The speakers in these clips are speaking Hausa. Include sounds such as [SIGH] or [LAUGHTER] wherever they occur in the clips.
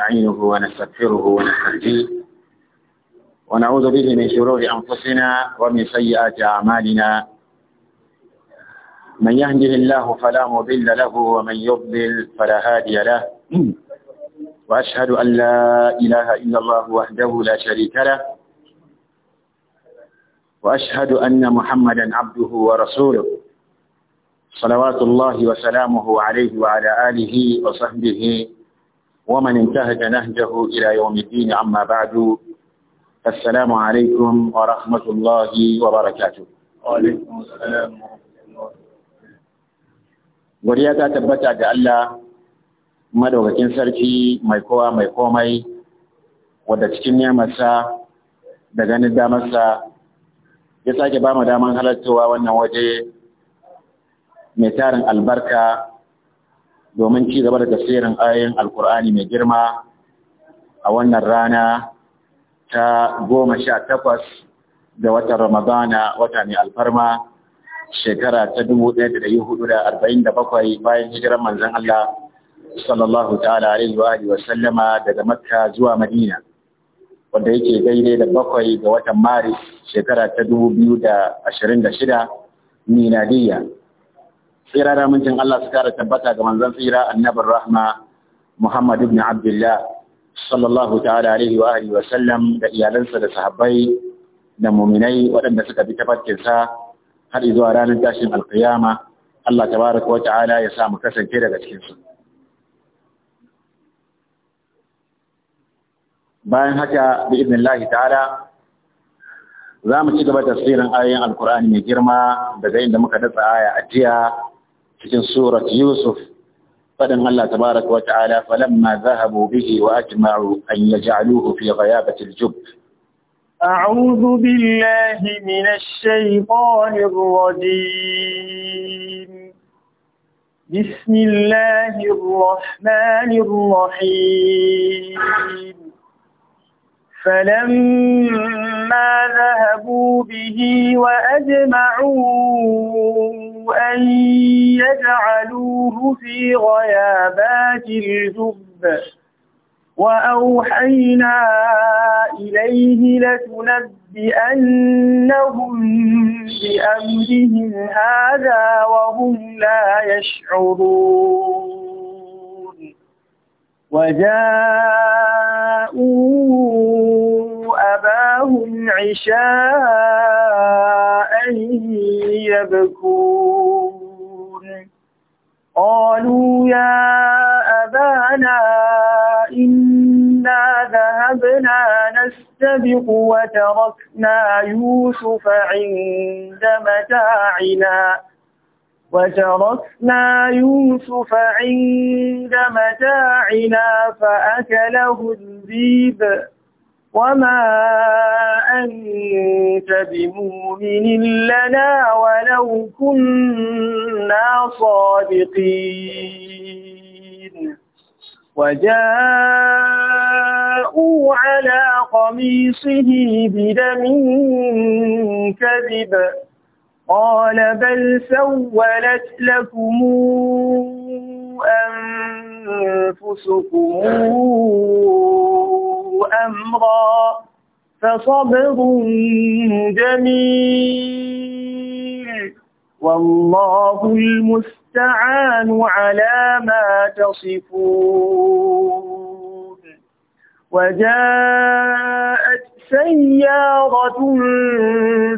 نستعينه ونستغفره ونستهديه ونعوذ به من شرور أنفسنا ومن سيئات أعمالنا من يهده الله فلا مضل له ومن يضلل فلا هادي له وأشهد أن لا إله إلا الله وحده لا شريك له وأشهد أن محمدا عبده ورسوله صلوات الله وسلامه عليه وعلى آله وصحبه ومن انتهج نهجه إلى يوم الدين عما بعد السلام عليكم ورحمة الله وبركاته وعليكم السلام Godiya ta tabbata da Allah madaukakin sarki mai kowa mai komai wadda cikin nemarsa da ganin damarsa ya sake ba mu daman halartowa wannan waje mai tarin albarka domin ci gaba da tafsirin ayoyin alkur'ani mai girma a wannan rana ta goma sha takwas da watan ramadana wata mai alfarma shekara ta dubu ɗaya da ɗari hudu da arba'in da bakwai bayan hijiran manzon Allah sallallahu ta'ala alaihi wa wa sallama daga makka zuwa madina wanda yake daidai da bakwai ga watan maris shekara ta dubu biyu da ashirin da shida miladiyya tsira da mincin Allah su kara tabbata ga manzon tsira annabin rahma Muhammad ibn Abdullah sallallahu ta'ala alaihi wa alihi wa sallam da iyalansa da sahabbai da muminai waɗanda suka bi tafarkinsa har zuwa ranar tashin alkiyama Allah tabaraka wa ta'ala ya sa mu kasance daga cikin su bayan haka bi idnillahi ta'ala za mu ci gaba da tsirin ayoyin alkur'ani mai girma daga inda muka datsa aya a jiya cikin surat Yusuf fadin Allah tabaraka wa ta'ala falamma zahabu bihi wa ajma'u an yaj'aluhu fi ghayabati al-jub أعوذ بالله من الشيطان الرجيم بسم الله الرحمن الرحيم فلما ذهبوا به وأجمعوا أن يجعلوه في غيابات الجب وأوحينا إليه لتنبئنهم بأمرهم هذا وهم لا يشعرون وجاءوا أباهم عشاء يبكون قالوا يا أبانا إنا ذهبنا نستبق وتركنا يوسف عند متاعنا وتركنا يوسف عند متاعنا فأكله الذيب وما أنت بمؤمن لنا ولو كنا صادقين وجاءوا على قميصه بدم كذب قال بل سولت لكم أنفسكم أمرا فصبر جميل والله المستعان على ما تصفون وجاءت سيارة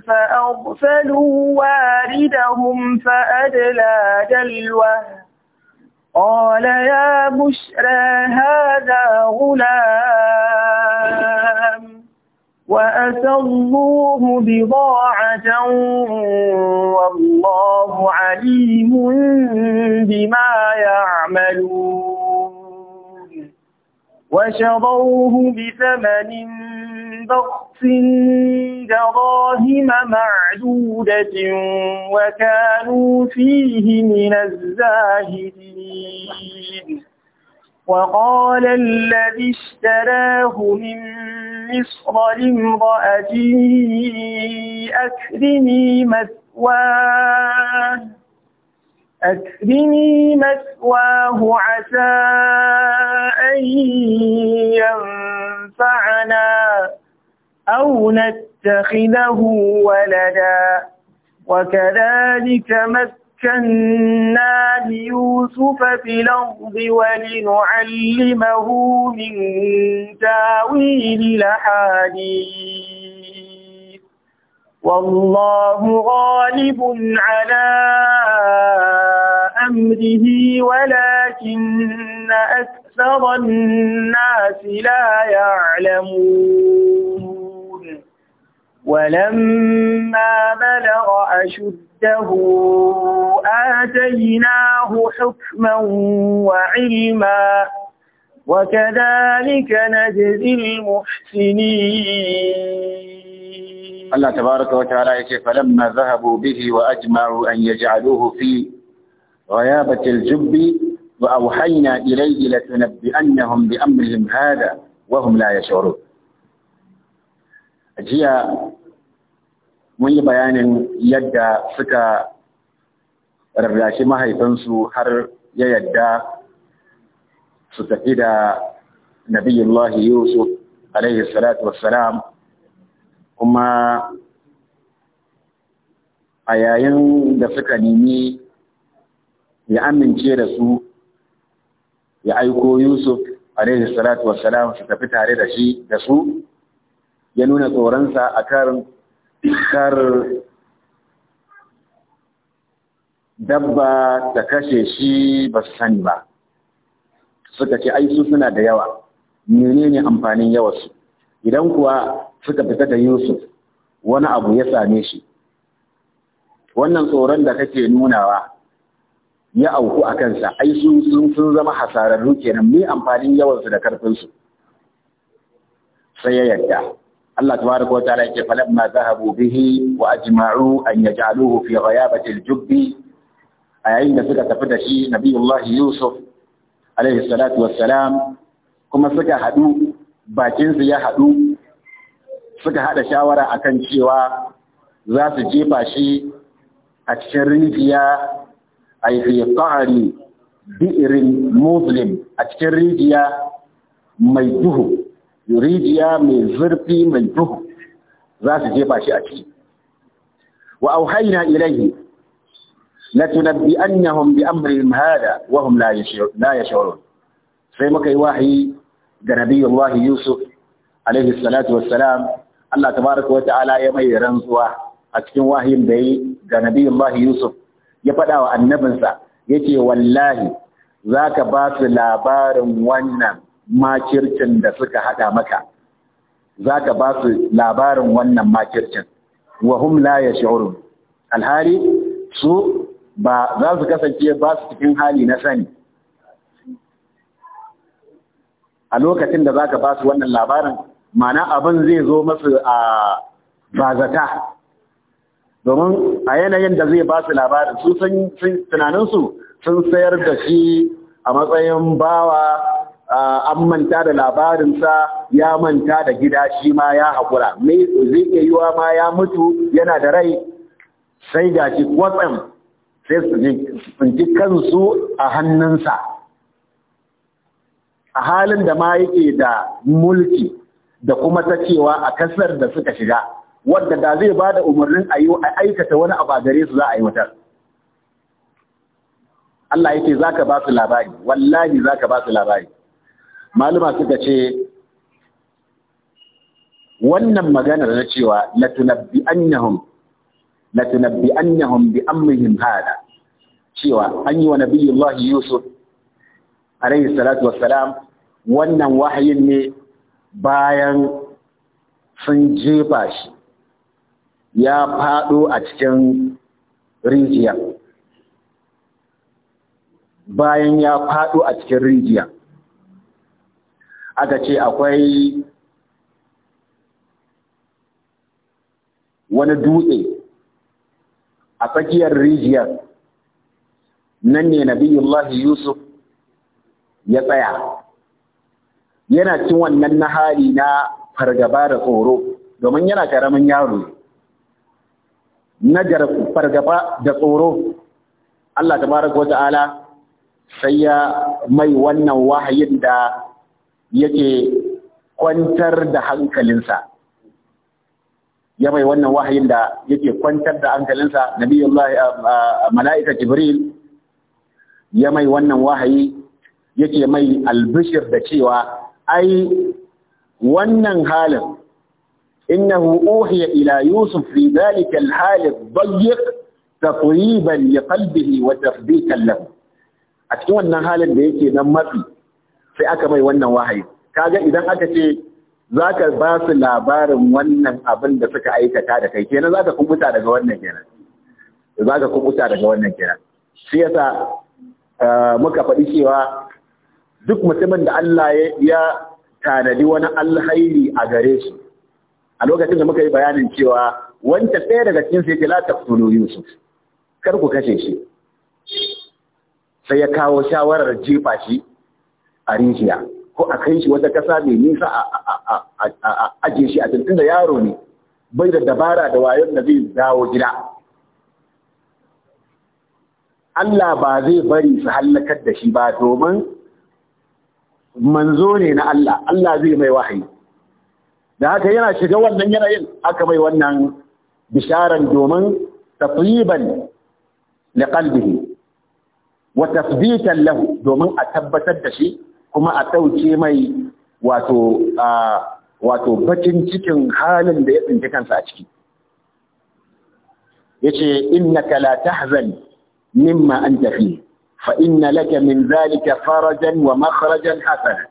فأرسلوا واردهم فأدلى دلوه قال يا بشرى هذا غلام وأسروه بضاعة والله عليم بما يعملون وشروه بثمن بخس دراهم معدودة وكانوا فيه من الزاهدين وقال الذي اشتراه من مصر لامرأته أكرمي مثواه أكرمي مثواه عسى أن ينفعنا أو نتخذه ولدا وكذلك مكنا ليوسف في الأرض ولنعلمه من تاويل الأحاديث والله غالب على أمره ولكن أكثر الناس لا يعلمون ولما بلغ أشده آتيناه حكما وعلما وكذلك نجزي المحسنين الله تبارك وتعالى فلما ذهبوا به وأجمعوا أن يجعلوه في غيابة الجب وأوحينا إليه لتنبئنهم بأمرهم هذا وهم لا يشعرون jiya mun yi bayanin yadda suka rarrashi mahaifinsu har ya yadda su tafi da nabiyullahi yusuf alaihi salatu wassalam kuma a yayin da suka nemi ya amince da su ya aiko yusuf alaihi salatu wassalam su tafi tare da da su ya nuna tsoronsa a karin kar dabba da kashe shi ba su sani ba suka ce ai suna da yawa ne amfanin yawarsu idan kuwa suka fita da yusuf wani abu ya same shi wannan tsoron da kake nunawa ya auku a kansa ai sun zama hasararru kenan mai amfanin yawansu da karfinsu sai ya yadda. Allah tabaraka wa ta'ala yake falamma zahabu bihi wa ajma'u an yaj'aluhu fi ghayabati al-jubbi ayayin da suka tafi da shi nabiyullah yusuf alaihi salatu wassalam kuma suka hadu bakin su ya hadu suka hada shawara akan cewa za su jefa shi a cikin rijiya ay fi qa'ri bi'rin muslim a cikin rijiya mai duhu rijiya mai zurfi mai duhu za su jefa shi a ciki wa auhayna ilayhi la tunabbiyannahum bi amrihim hada wa hum la yash'urun sai muka yi wahayi ga nabiyullahi yusuf alaihi salatu wassalam Allah tabaraka wa ta'ala ya mai rantsuwa a cikin wahayin da yi ga nabiyullahi yusuf ya faɗawa wa annabinsa yake wallahi zaka ba su labarin wannan makircin da suka haɗa maka za ka ba su labarin wannan makircin wa hum la yash'urun alhali su ba za su kasance ba su cikin hali na sani a lokacin da za ka ba su wannan labarin mana abin zai zo masu a bazata domin a yanayin da zai ba su labarin su tunaninsu sun sayar da shi a matsayin bawa an manta da labarinsa ya manta da gida shi ma ya haƙura zai iya yiwa ma ya mutu yana da rai sai ga shi kwatsam sai su tsinci kansu a hannunsa a halin da ma yake da mulki da kuma ta cewa a kasar da suka shiga wadda da zai ba da umarnin a yi aikata wani a gare su za a yi wutar. Allah yake za ka ba su labari wallahi za ka ba su labari maluma suka ce wannan maganar na cewa latunabbi annahum latunabbi annahum bi amrihim hada cewa an yi wa nabiyullahi yusuf alayhi salatu wassalam wannan wahayin ne bayan sun jefa shi ya fado a cikin rijiya bayan ya fado a cikin rijiya aka ce akwai wani dutse a tsakiyar rijiyar nan ne nabiyullahi yusuf ya tsaya yana cin wannan na hali na fargaba da tsoro domin yana karamin yaro na fargaba da tsoro Allah Ta tabaraka wata'ala sai ya mai wannan wahayin da yake kwantar da hankalinsa ya bai wannan wahayin da yake kwantar da hankalinsa nabiyullahi mala'ika jibril ya mai wannan wahayi yake mai albishir da cewa ai wannan halin innahu uhiya ila yusuf fi dhalika al-hal ad-dayyiq taqriban li qalbihi wa tafdikan lahu a cikin wannan halin da yake nan matsi sai aka mai wannan wahayi kaga idan aka ce zaka ba su labarin wannan abin da suka aikata da kai kenan ka kubuta daga wannan kenan ka kubuta daga wannan kenan shi yasa eh, muka faɗi cewa duk mutumin da Allah ya tanadi wani alhaili a gare su, a lokacin da muka yi bayanin cewa wanda ɗaya daga cikin sai la taqtulu yusuf kar ku kashe shi sai ya kawo shawarar jefa shi a rijiya ko a kai shi wata kasa mai nisa a ajiye shi a tuntun da yaro ne bai da dabara da wayon da zai dawo gida Allah ba zai bari su hallakar da shi ba domin manzo ne na Allah Allah zai mai wahayi da haka yana shiga wannan yanayin aka mai wannan bisharan domin tafiban liqalbihi wa tasbitan lahu domin a tabbatar da shi kuma a ɗauke mai wato bakin cikin halin da ya tsinci kansa a ciki yace innaka la tahzan mimma anta fi fa inna laka min zalika farajan wa makhrajan hasana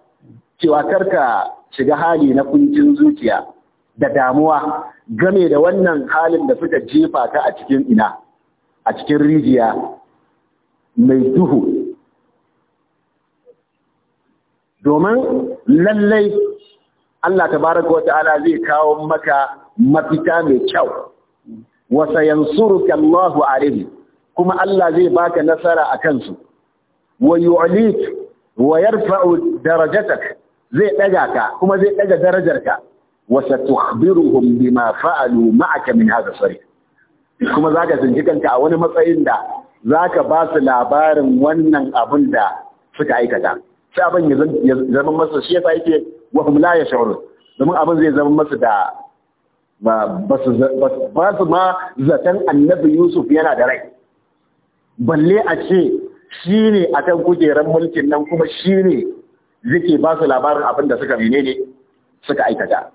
cewa karka shiga hali na kuncin zuciya da damuwa game da wannan halin da suka jefa ka a cikin ina a cikin rijiya mai duhu domin lallai Allah tabaraka wa ta'ala zai kawo maka mafita mai kyau wa sayansuruka Allahu alaihi kuma Allah zai baka nasara akan su wa yu'lik wa yarfa'u darajatak zai daga ka kuma zai daga darajarka wa satukhbiruhum bima fa'alu ma'aka min hadha sarih kuma zaka tsinci kanka a wani matsayin da zaka ba su labarin wannan abin da suka aikata sai abin ya zama masa shi ya yake wa la ya shawarar domin abin zai zama masa da ba su ma zaton annabi Yusuf yana da rai balle a ce shi ne a kan kujerar mulkin nan kuma shi ne zike ba su labarin abin da suka mene ne suka aikata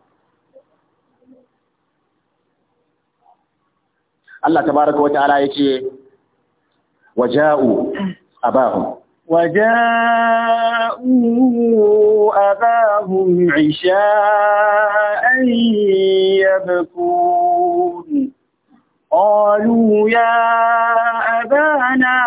Allah tabaraka wa ta'ala yace waja'u abahum وجاءوا أباهم عشاء يبكون قالوا يا أبانا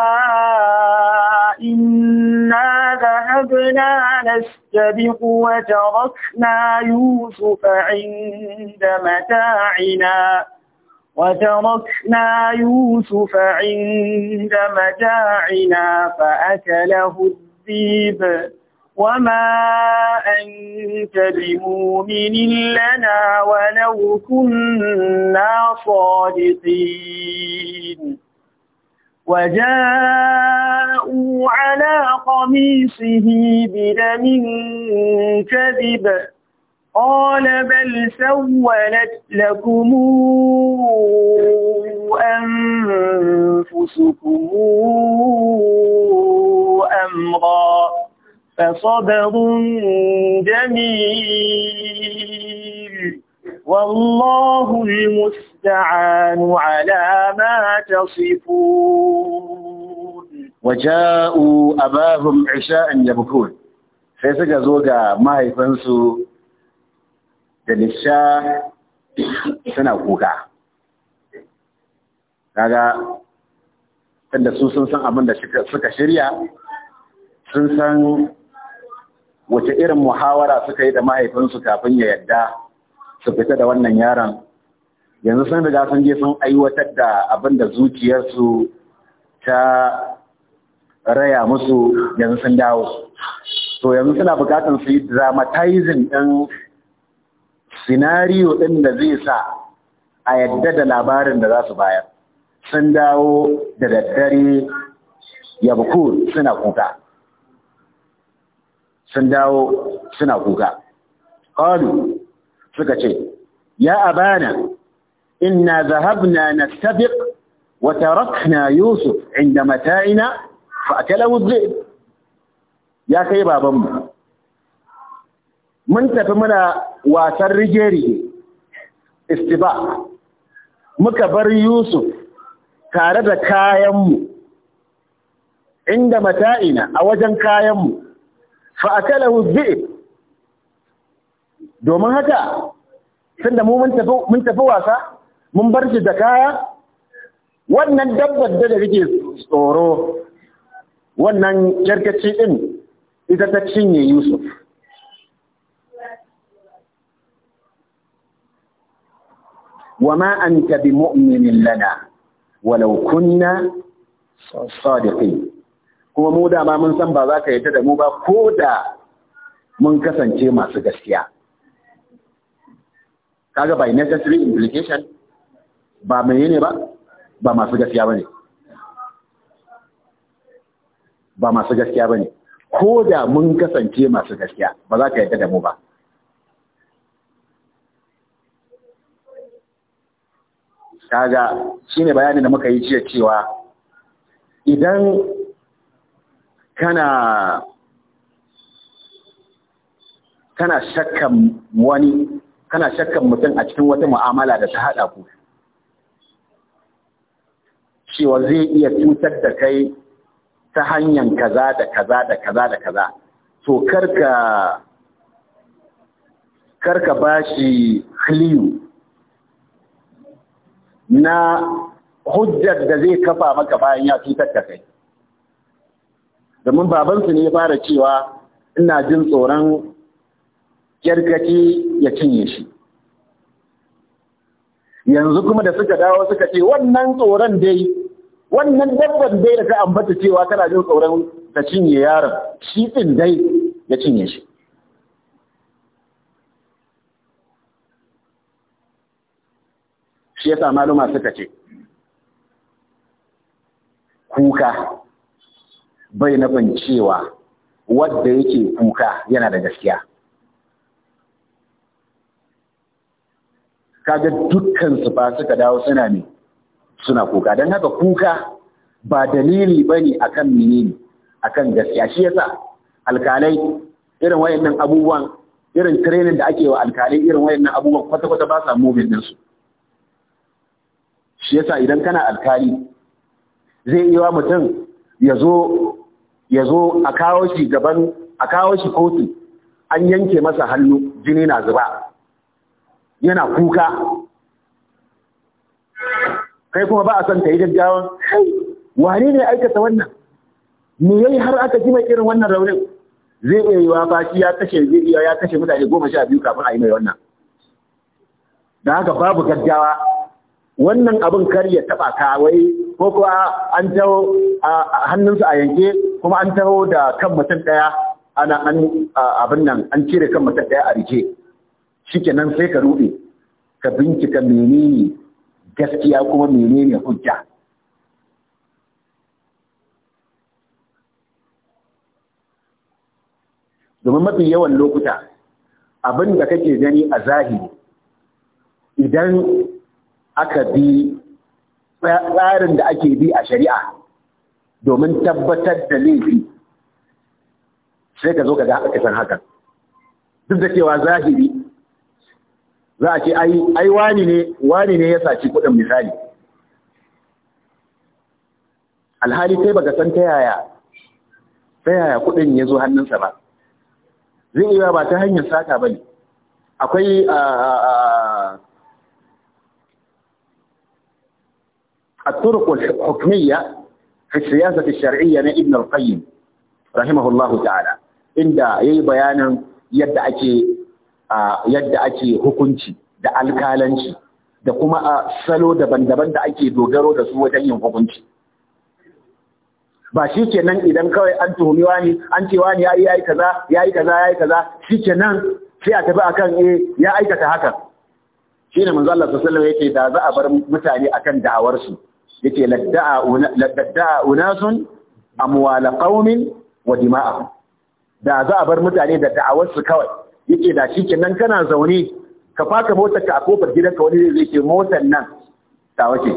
إنا ذهبنا نستبق وتركنا يوسف عند متاعنا وتركنا يوسف عند متاعنا فأكله الذيب وما أنت بمؤمن لنا ولو كنا صادقين وجاءوا على قميصه بدم كذب قال بل سولت لكم أنفسكم أمرا فصبر جميل والله المستعان على ما تصفون وجاءوا أباهم عشاء يبكون sai suka ما ga da nisha suna kuka kaga inda su sun san abin da suka shirya sun san wace irin muhawara suka yi da mahaifinsu kafin ya yadda su fita da wannan yaron yanzu sun riga sun je sun aiwatar da abin da zuciyarsu ta raya musu yanzu sun dawo to yanzu suna bukatar su yi dramatizing ɗin sinariyo ɗin da zai sa a yadda da labarin da za su bayar sun dawo da daddare ya suna kuka sun dawo suna kuka ƙalu suka ce ya abana inna na nastabiq wata rakna yusuf inda mata'ina fa ya kai babanmu mun tafi muna wasan rige-rige istiba muka bar yusuf tare da kayanmu inda mata'ina a wajen kayanmu fa’akala huzbe domin haka tunda mu mun tafi wasa mun bar shi da kaya wannan dabbar da da rike tsoro wannan yarkaci din ita ta cinye yusuf wa ma بمؤمن لنا ولو lana صادقين kuma mu da ma mun san ba za ka ta da mu ba ko da mun kasance masu gaskiya kaga by necessary implication ba mai ne ba ba masu gaskiya bane ba masu gaskiya bane ko da mun kasance masu gaskiya ba za ka ta da mu ba kaga ne bayanin da muka yi jiya cewa idan kana shakkan wani kana shakkan mutum a cikin wata mu'amala da ta haɗa ku cewa zai iya cutar da kai ta hanyar kaza da kaza da kaza da kaza to karka karka bashi kliyu na hujjar da zai kafa maka bayan ya cutar da kai domin babansu ne ya fara cewa ina jin tsoron yarkaci ya cinye shi yanzu kuma da suka dawo suka ce wannan tsoron dai wannan dabban dai da ka ambata cewa kana jin tsoron ta cinye yaron shi tsin dai ya cinye shi shi yasa maluma suka ce kuka bai ban cewa wadda yake kuka yana da gaskiya kaga dukkan su ba suka dawo suna ne suna kuka don haka kuka ba dalili bane akan menene akan gaskiya shi yasa alkalai irin wayannan abubuwan irin training da ake wa alkalai irin wayannan abubuwan kwata-kwata ba sa moving din su shi yasa idan kana alkali zai yi wa mutum ya zo a kawo shi gaban a kawo shi kotu an yanke masa hannu jini na zuba yana kuka kai kuma ba a son ta yi gaggawa? kai wane ne aikata wannan me yayi har aka ji mai irin wannan raunin zai iya yi wa baki ya kashe zai iya ya kashe mutane goma sha biyu kafin a yi mai wannan da haka babu gaggawa wannan abin kar ya taba ka wai ko kuwa an taho hannunsu a yanke kuma an taho da kan mutum daya ana abin nan an cire kan mutum daya a rike shikenan sai ka rube ka bincika menene gaskiya kuma menene hujja domin mafi yawan lokuta abin da kake gani a zahiri idan aka bi tsarin da ake bi a shari'a domin tabbatar da laifi sai ka zo ka ga aka san hakan duk da cewa zahiri za a ce ai wani ne wani ne ya saci kuɗin misali alhali sai baka san ta yaya ta yaya kuɗin ya zo hannunsa ba zai iya ba ta hanyar sata ba ne akwai الطرق الحكمية في السياسة الشرعية من ابن القيم رحمه الله تعالى inda ya yi bayanin yadda ake yadda ake hukunci da alkalanci da kuma a salo daban-daban da ake dogaro da su wajen yin hukunci ba shi nan idan kawai an tuhumi wani an ce wani ya yi kaza ya yi kaza ya yi kaza shi nan sai a tafi akan ya aikata hakan shine manzo Allah sallallahu alaihi wasallam yake da za a bar mutane akan da'awarsu yake ladda'a unasun amwala qaumin wa dima'a da za a bar mutane da da'awar su kawai yake da shi kenan kana zaune ka faka motar ka a kofar gidanka wani zai ce motar nan ta wace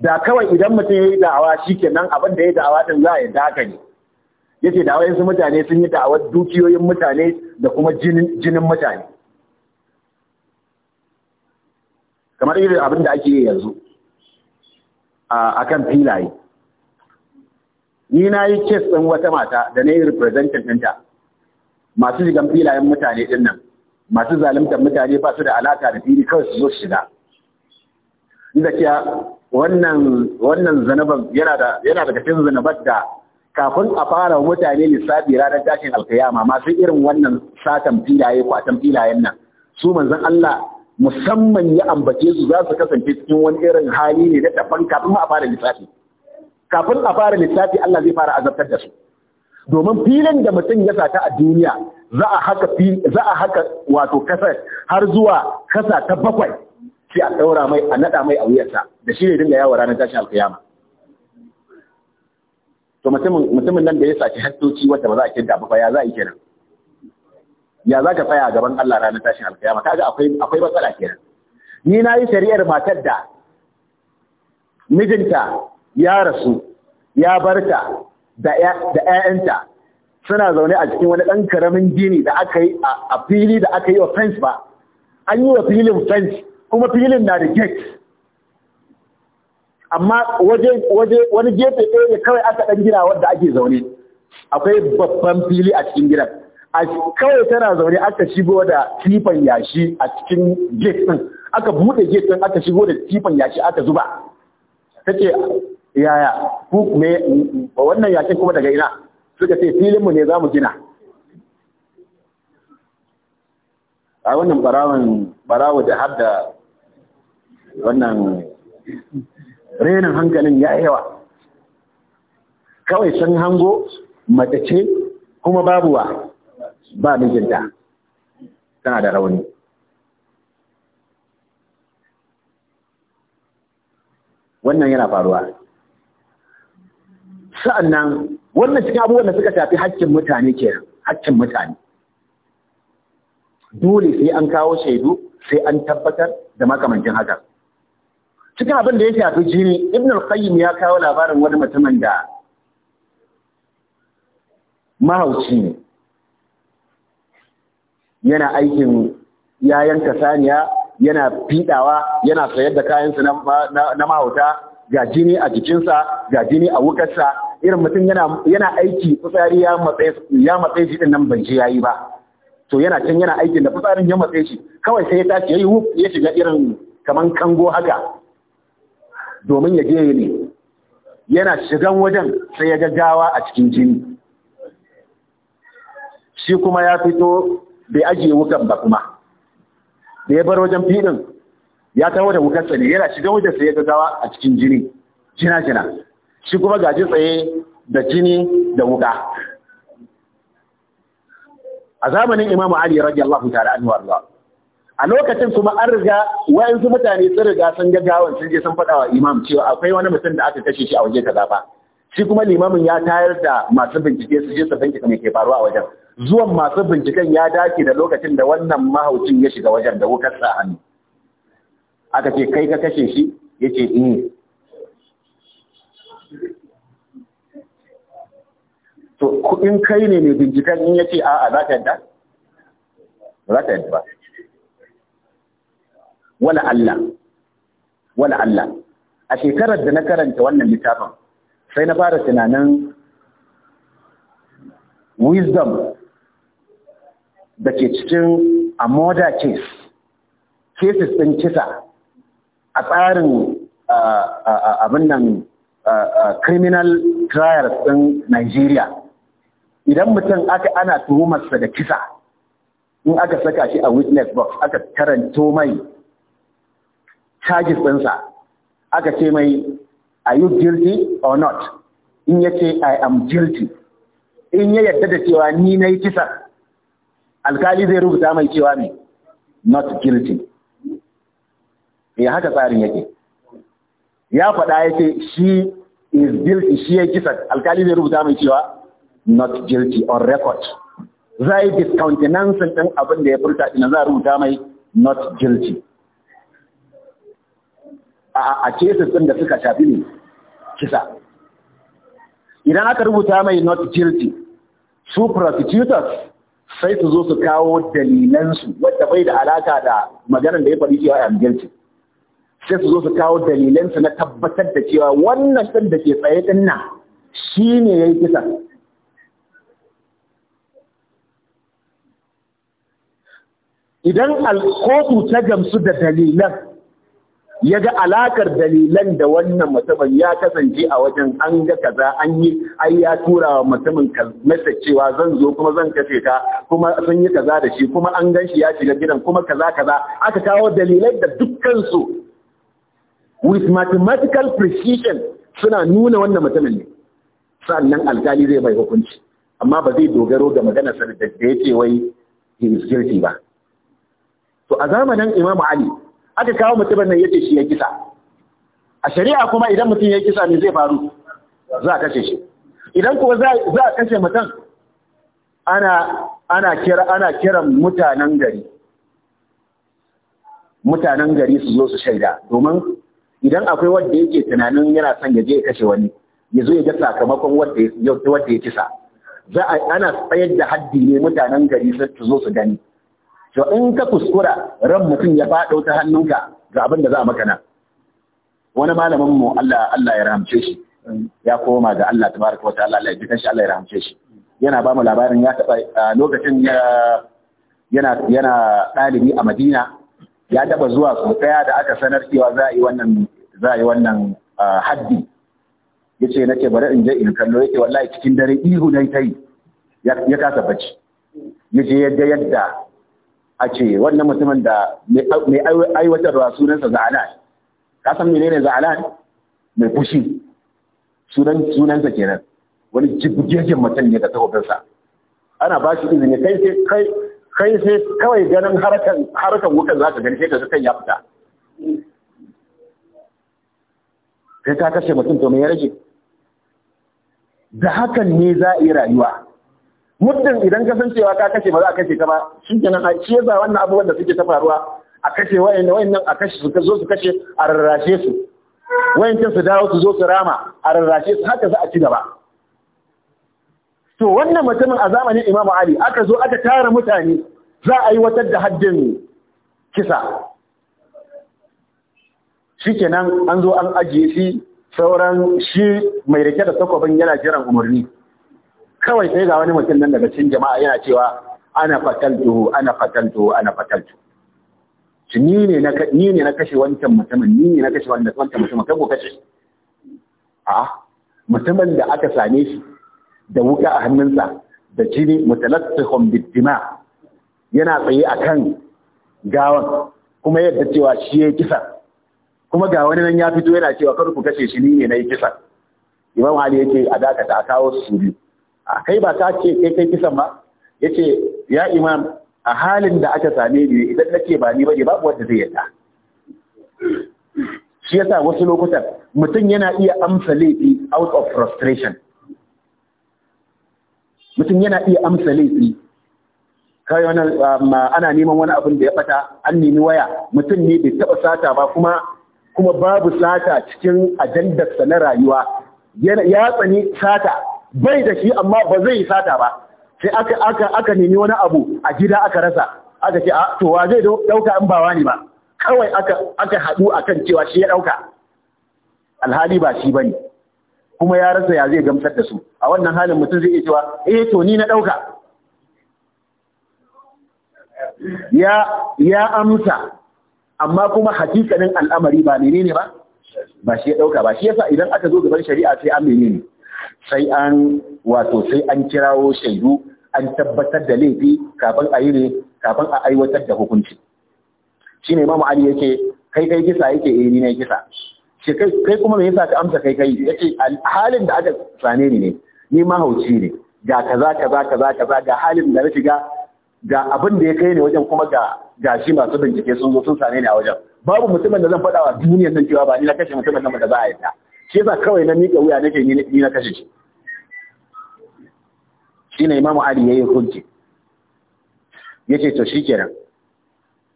da kawai idan mutum yayi da'awa shi kenan abin da yayi da'awa din za a yarda haka ne yake da wayansu mutane sun yi da'awar dukiyoyin mutane da kuma jinin mutane kamar irin abin da ake yi yanzu a kan filaye ni na yi kes ɗin wata mata da na yi representin ɗinta masu shigan filayen mutane ɗin nan masu zalimtar mutane ba su da alaka da fili kawai su zo shiga zakiya wannan wannan zanaban yana da yana daga cikin zanabar da kafin a fara mutane lissafi ranar tashin alkayama masu irin wannan satan filaye kwatan filayen nan su manzan Allah musamman ya ambace su za su kasance cikin wani irin hali ne da daban kafin a fara lissafi kafin a fara lissafi Allah zai fara azabtar da su domin filin da mutum ya sata a duniya za a haka wato kasar har zuwa kasa ta bakwai sai a daura mai a nada mai a wuyarsa da shi ne dinga yawo ranar tashin alkiyama to mutumin nan da ya saci hattoci wanda ba za a kidda ba ya za a yi kenan ya za ka tsaya a gaban Allah ranar tashin alkiyama kaga akwai akwai matsala kenan ni na yi shari'ar matar da mijinta ya rasu ya barta da 'ya'yanta suna zaune a cikin wani ɗan karamin gini da aka yi a fili da aka yi wa fence ba an yi wa filin fence kuma filin na da gate amma waje wani gefe ɗaya ne kawai aka ɗan gina wanda ake zaune akwai babban fili a cikin gidan a kawai tana zaune aka shigo da tifan yashi a cikin gate din aka bude gate din aka shigo da tifan yashi aka zuba tace yaya ku me wannan yashin kuma daga ina suka ce filin mu ne zamu gina a wannan barawan barawo da har da wannan renin hankalin ya yawa kawai sun hango mace ce kuma babuwa ba mijinta tana da rauni wannan yana faruwa sa'annan wannan cikin abubuwan da suka tafi haƙƙin mutane ke haƙƙin mutane dole sai an kawo shaidu sai an tabbatar da makamancin haka cikin abin da ya shafi jini ibn al-qayyim ya kawo labarin wani mutumin da mahauci ne yana aikin yayan kasaniya yana fidawa yana sayar da kayansa na mahauta ga jini a jikinsa ga jini a wukarsa irin mutum yana aiki fitsari ya matsayi shi din nan ban ya yi ba to yana can yana aikin da fitsarin ya matsayi shi kawai sai ya tashi ya yi wuf ya shiga irin kaman kango haka domin ya je ne yana shigan wajen sai ya gaggawa a cikin jini shi kuma ya fito bai ajiye wukan ba kuma da ya bar wajen fiɗin ya taho da wukarsa ne yana shiga wajen sai ya gawa a cikin jini jina jina shi kuma gaji tsaye da jini da wuka a zamanin Imam Ali ya ta'ala anhu warda a lokacin kuma an riga wayansu mutane sun riga sun ga gawan sun je sun faɗa wa imam cewa akwai wani mutum da aka kashe shi a waje kaza fa shi kuma limamin ya tayar da masu bincike su je su bincike mai ke faruwa a wajen zuwan masu binciken ya dace da lokacin da wannan mahaucin ya shiga wajen da wukar sa hannu aka ce kai ka kashe shi ya ce in eh. to in kai ne mai binciken in ya ce a'a za ta yadda za yadda ba wala Allah wala Allah a shekarar da na karanta wannan littafin sai na fara tunanin wisdom da ke cikin a murder case cases ɗin kisa a tsarin abin nan criminal trials ɗin Najeriya. idan mutum aka ana tuhumarsa da kisa in aka saka shi a witness box aka karanto mai charges ɗinsa aka ce mai are you guilty or not in ya ce i am guilty in ya yarda da cewa ni na yi kisa alkali zai rubuta mai cewa ne not guilty eh haka tsarin yake ya faɗa yake shi is guilty shi ya kisa alkali zai rubuta mai cewa not guilty on record zai discountenance ɗin abin da ya furta ina za a rubuta mai not guilty a cases ɗin da suka shafi ne kisa idan aka rubuta mai not guilty su prosecutors sai su zo su kawo dalilansu wadda bai da alaka da maganar da ya faɗi cewa I'm guilty sai su zo su kawo dalilansu na tabbatar da cewa wannan ɗin da ke tsaye ɗin nan shi ne ya yi kisa idan alkotu ta gamsu da dalilan ya ga alakar dalilan da wannan mutumin ya kasance a wajen an ga kaza an yi ai ya tura wa mutumin masa cewa zan zo kuma zan kashe ka kuma sun yi kaza da shi kuma an gan shi ya shiga gidan kuma kaza kaza aka kawo dalilai da dukkan su with mathematical precision suna nuna wannan mutumin ne sannan alkali zai bai hukunci amma ba zai dogaro ga maganar sa da ya ce wai he is guilty ba to a zamanin imamu Ali aka kawo mutumin nan yake shi ya kisa a shari'a kuma idan mutum ya kisa ne zai faru za a kashe shi idan kuma za a kashe mutum ana kiran mutanen gari mutanen gari su zo su shaida domin idan akwai wanda yake tunanin yana son ya ya kashe wani ya zo ya ga sakamakon wanda ya kisa za a ana tsayar da haddi ne mutanen gari su zo su gani to in ka kuskura ran mutum ya faɗo ta hannunka ga abin da za a maka na wani malamin mu Allah Allah ya rahamce shi ya koma ga Allah tabaraka wa ta'ala Allah ya jikan shi Allah ya rahamce shi yana ba mu labarin ya taɓa lokacin yana yana ɗalibi a Madina ya taɓa zuwa su tsaya da aka sanar cewa za a yi wannan za a yi wannan haddi yace nake bari in je in kallo yake wallahi cikin dare ihu dai tai ya kasa bacci yaje yadda yadda a ce wannan mutumin da mai aiwatarwa sunansa za'alan ka san menene za'alan mai fushi sunansa kenan wani jibgirgin mutum ne da takobinsa ana ba shi izini kai sai kai sai kawai ganin harakan wukan za ka gani sai ka kan ya fita sai ka kashe mutum to mai ya rage da hakan ne za a yi rayuwa muddin idan ka cewa ka kashe ba za a kashe ka ba shi kenan a shi yasa wannan abubuwan da suke ta faruwa a kashe wayannan wayannan a kashe su zo su kashe a rarrashe su wayancin su dawo su zo su rama a rarrashe su haka za a ci gaba to wannan mutumin a zamanin Imam Ali aka zo aka tara mutane za a yi watar da haddin kisa shikenan an zo an ajiye shi sauran shi mai rike da takobin yana jiran umarni kawai sai ga wani mutum nan daga cikin jama'a yana cewa ana fataltu ana fataltu ana fataltu shi ni ne na ni ne na kashe wancan mutumin ni ne na kashe wannan wancan mutumin kai ko kashe a mutumin da aka same shi da wuka a hannunsa da jini mutalattihum bidima yana tsaye akan gawan kuma yadda cewa shi ya kisa kuma ga wani nan ya fito yana cewa kar ku kashe shi ni ne na yi kisa imam ali yake a dakata a kawo su biyu a kai ba ta ce kai kai kisan ba ya ce ya imam a halin da aka same ni idan nake ba ni bane babu wanda zai yarda shi yasa wasu lokutan mutum yana iya amsa laifi out of frustration mutum yana iya amsa laifi kai wani um, ana neman wani abin da ya bata an nemi waya mutum ne bai taba sata ba kuma kuma babu sata cikin ajandarsa na rayuwa ya tsani sata bai da shi amma ba zai yi sata ba sai aka aka aka nemi wani abu a gida aka rasa aka ce to wa zai dauka in ba wani ba kawai aka aka hadu akan cewa shi ya dauka alhali ba shi bane kuma ya rasa ya zai gamsar da su a wannan halin mutum zai iya cewa eh to ni na dauka ya ya amsa amma kuma hakikanin al'amari ba menene ba ba shi ya dauka ba shi yasa idan aka zo gaban shari'a sai an menene sai an wato sai an kirawo shaidu an tabbatar da laifi kafin a yi kafin a aiwatar da hukunci Shi ne mamu ali yake kai kai kisa yake eh ni ne kisa shi kai kai kuma me yasa ka amsa kai kai yace halin da aka sane ni ne ni mahauci ne ga kaza kaza kaza kaza ga halin da na shiga ga abin da ya kai ne wajen kuma ga gashi masu bincike sun zo sun same ni a wajen babu mutumin da zan faɗa wa duniyar nan cewa ba ni na kashe mutumin nan da za a yadda shi yasa kawai na miƙa wuya nake ni na kashe shi shi ne imamu ali ya yi hukunci ya ce to shi kenan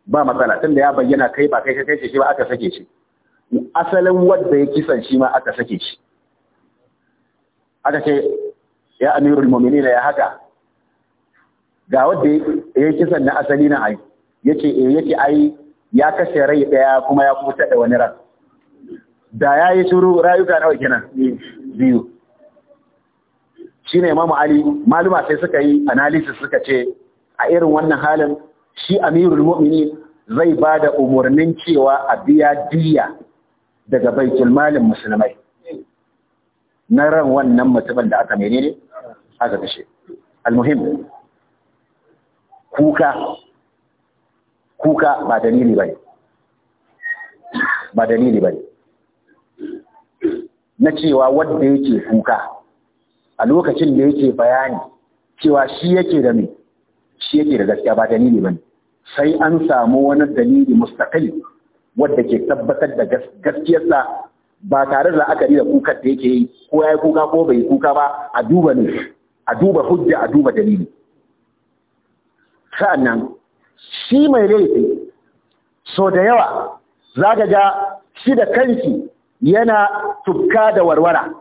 ba matsala tun da ya bayyana kai ba kai kai shi ba aka sake shi asalin wadda ya kisan shi ma aka sake shi aka ce ya amirul mu'minin ya haka ga wadda ya kisan na asali na ai yace eh, yace ai ya kashe rai daya kuma ya kuma da wani ran da ya yi shuru rayuka nawa kenan biyu shi ne Mamu ali maluma sai suka yi analysis suka ce a irin wannan halin shi amirul mu'mini zai ba da umarnin cewa a biya diya daga baitul malin musulmai na ran wannan mutumin da aka menene aka kashe almuhim kuka kuka ba dalili bane ba dalili bane na cewa wadda yake kuka a lokacin da yake bayani cewa shi yake da mai shi yake da gaskiya ba dalili bane sai an samu wani dalili mustaqil wadda ke tabbatar da gaskiyarsa ba tare da aka da kukar da yake yi ko ya yi kuka ko bai yi kuka ba a duba ne a duba hujja a duba dalili sa'annan shi mai laifi so da yawa za ga ga shi da kanki yana tukka da warwara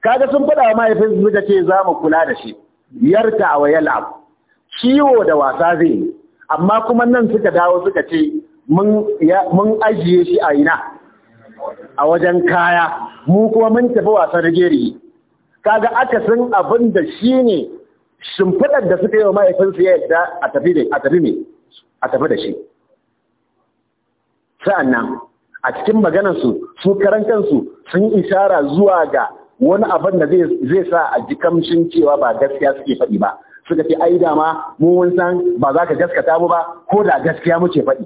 kaga sun faɗa wa mahaifin suka ce za mu kula da shi yarta a wayal abu ciwo da wasa zai yi amma kuma nan suka dawo suka ce mun ajiye shi a ina a wajen kaya mu kuma mun tafi wasan rigeri kaga aka akasin abin da shi ne shimfiɗar da suka yi wa mahaifinsu ya yadda a tafi da shi sa'an a cikin maganarsu su karan kansu sun ishara zuwa ga wani abin da zai sa a ji kamshin cewa ba gaskiya suke faɗi ba suka ce ai dama mu mun san ba za ka gaskata mu ba ko da gaskiya muke faɗi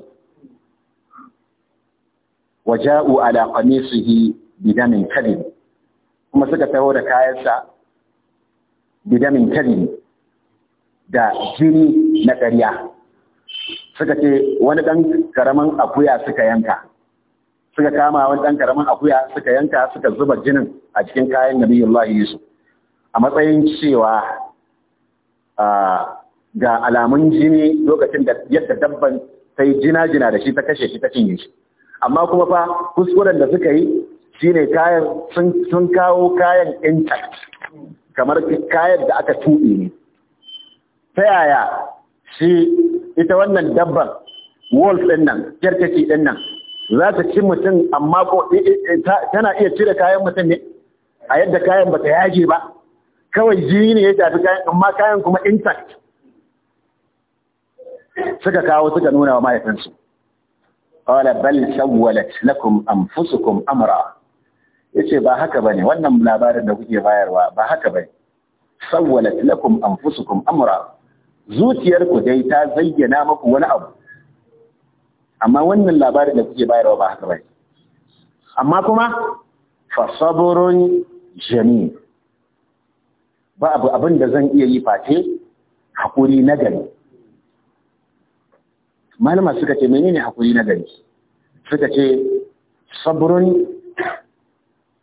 waja'u ala qamisihi bidamin kadhib kuma suka taho da kayansa bidamin kadhib da jini na ƙarya suka ce wani ɗan karamin akuya suka yanka suka kama wani ɗan karamin akuya suka yanka suka zuba jinin a cikin kayan nabiyullahi yusuf a matsayin cewa ga alamun jini lokacin da yadda dabban ta yi jina-jina da shi ta kashe shi ta cinye shi amma kuma fa kuskuren da suka yi shi ne kayan sun kawo kayan intact kamar kayan da aka tuɗe ne ta yaya shi ita wannan dabban wolf ɗin nan kyarkaci ɗin nan za ta ci mutum amma ko eh, eh, eh, tana iya cire kayan mutum ne a yadda kayan ba ta yage ba kawai jini ne ya tafi kayan amma kayan kuma intact suka kawo suka nuna wa mahaifinsu qala bal sawwalat lakum anfusukum amra yace ba haka bane wannan labarin da kuke bayarwa ba haka bane sawwalat lakum anfusukum amra zuciyarku dai ta zayyana muku wani abu amma wannan labarin da kuke bayarwa ba haka bane amma kuma fa sabrun jami ba abu abin da zan iya yi face hakuri na gari malama suka ce menene hakuri na gari suka ce saburun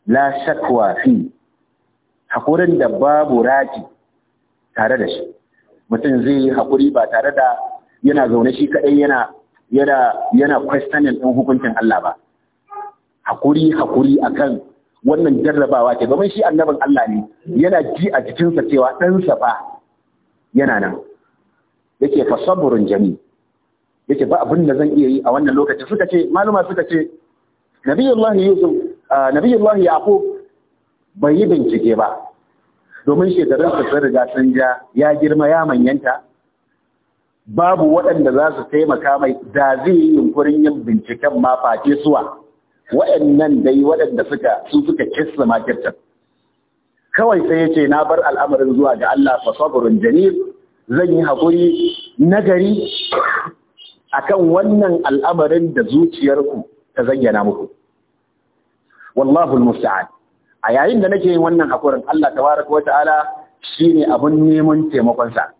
la shakwa fi hakurin da babu rati tare da shi mutum zai yi hakuri ba tare da yana zaune shi kaɗai yana yana yana ɗin hukuncin Allah ba hakuri hakuri akan wannan jarrabawa ce domin shi annabin Allah ne yana ji a jikinsa cewa ɗansa ba yana nan yake fa sabrun jami yake ba abin da zan iya yi a wannan lokaci suka ce maluma suka ce nabiyullahi yusuf nabiyullahi yaqub bai yi bincike ba domin shekarunsa sun riga sun ja ya girma ya manyanta babu waɗanda za su taimaka mai da zai yunkurin yin binciken ma face suwa waɗannan dai waɗanda suka su suka kissa makircin kawai sai ya ce na bar al'amarin zuwa ga Allah fa sabrun jamil zan yi haƙuri nagari akan wannan al'amarin da zuciyarku ta zayyana muku wallahu almusta'an a yayin da nake yin wannan haƙurin Allah tabaraka wa ta'ala shine abin neman taimakonsa.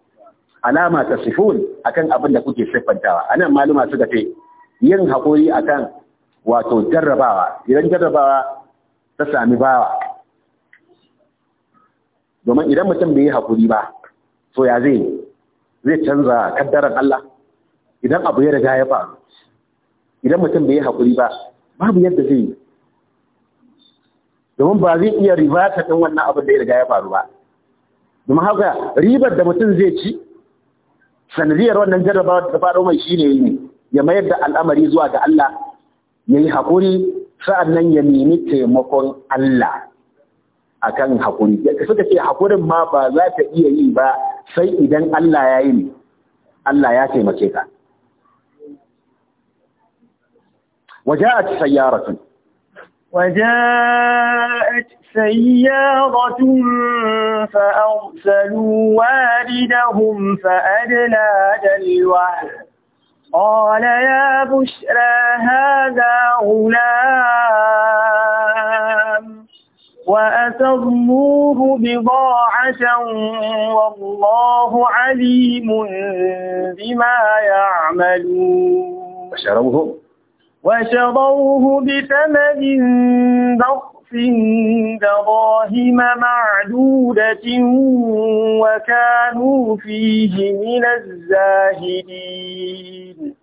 alama ta sifun kan abin da kuke siffantawa nan maluma suka ce yin a kan wato jarrabawa idan jarrabawa ta sami bawa domin idan mutum bai yi haƙori ba so ya zai zai canza kaddaran Allah idan abu ya riga ya faru idan mutum bai yi haƙori ba babu yadda zai yi domin ba zai iya ta ɗin wannan abin da ya riga ya faru ba domin haka ribar da mutum zai ci sanadiyar wannan jarraba da faɗo mai shi ne ya mayar da al'amari zuwa ga Allah ya yi haƙuri sa'an nan ya nemi taimakon Allah a kan haƙuri yadda suka ce haƙurin ma ba za ta iya yi ba sai idan Allah ya yi ne Allah ya taimake ka Waje a وجاءت سيارة وجاءت سيارة فأرسلوا واردهم فأدلى دلوه قال يا بشرى هذا غلام وأسروه بضاعة والله عليم بما يعملون وشروه وشروه بثمن بخس عند ظاهم معدودة وكانوا فيه من الزاهدين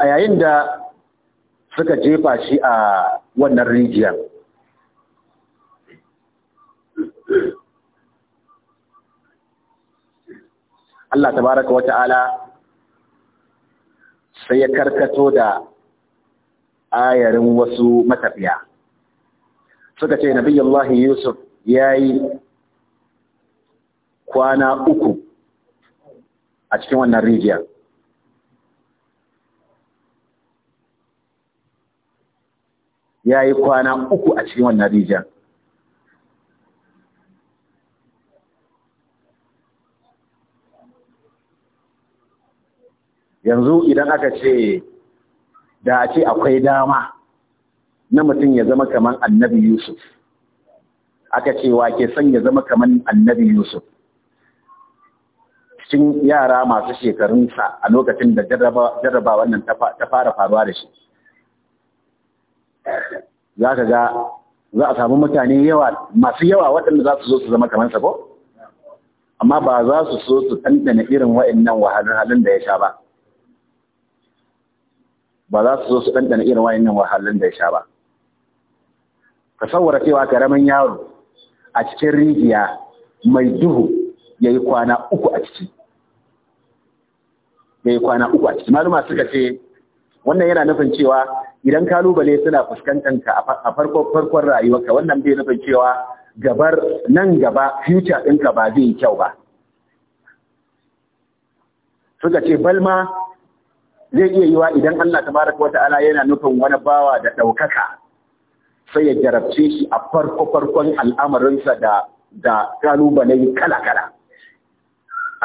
a yayin da suka jefa shi a wannan rijiyar Allah ta baraka wa ta'ala sai ya karkato da ayarin wasu matafiya suka ce nabiyallahi yusuf ya yi kwana uku a cikin wannan rijiya ya yi kwana uku a cikin wannan rijiya yanzu idan aka ce da a ce akwai dama na mutum ya zama kaman annabi Yusuf aka ce wa ke son ya zama kaman annabi Yusuf cikin yara masu shekarunsa a lokacin da jarraba wannan ta fara faruwa da shi za ka ga za a samu mutane yawa masu yawa waɗanda za su zo su zama kamar sa ko amma ba za su so su ɗanɗana irin wa'annan wahalhalun da ya sha ba ba za su so su ɗanɗana irin wa'annan wahalhalun da ya sha ba ka saura cewa karamin yaro a cikin rigiya mai duhu ya yi kwana uku a ciki ya yi kwana uku a ciki malu suka ce wannan yana nufin cewa idan kalubale suna fuskantar a farkon farkon rayuwarka wannan bai nufin cewa gabar nan gaba future ɗinka ba zai yi kyau ba suka ce balma zai iya yiwa idan Allah tabaraka wata'ala yana nufin wani bawa da ɗaukaka sai ya jarabce shi a farko-farkon al'amarinsa da da kalubale kala-kala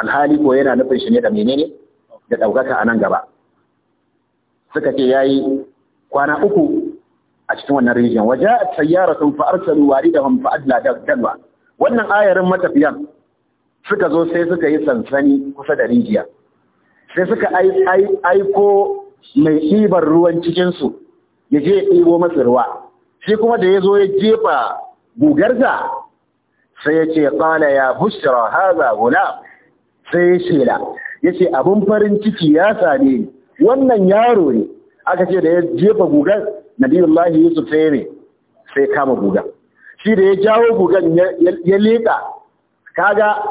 alhali ko yana nufin shi ne da menene da ɗaukaka a nan gaba suka ce yayi kwana uku a cikin wannan rijiyan waje a sayyaratun fa'arsalu wari da fa'adla da dalwa wannan ayarin matafiyan suka zo sai suka yi sansani kusa da rijiya sai suka aiko mai ɗibar ruwan cikinsu ya je ɗibo masu ruwa shi kuma da ya zo ya jefa gugarsa sai ya ce ƙala ya bushra haza gula sai ya shela ya ce abin farin ciki ya same ni wannan yaro ne aka ce da ya jefa gugar nabiyullahi yusuf sai ne sai kama guga shi da ya jawo gugan ya leƙa kaga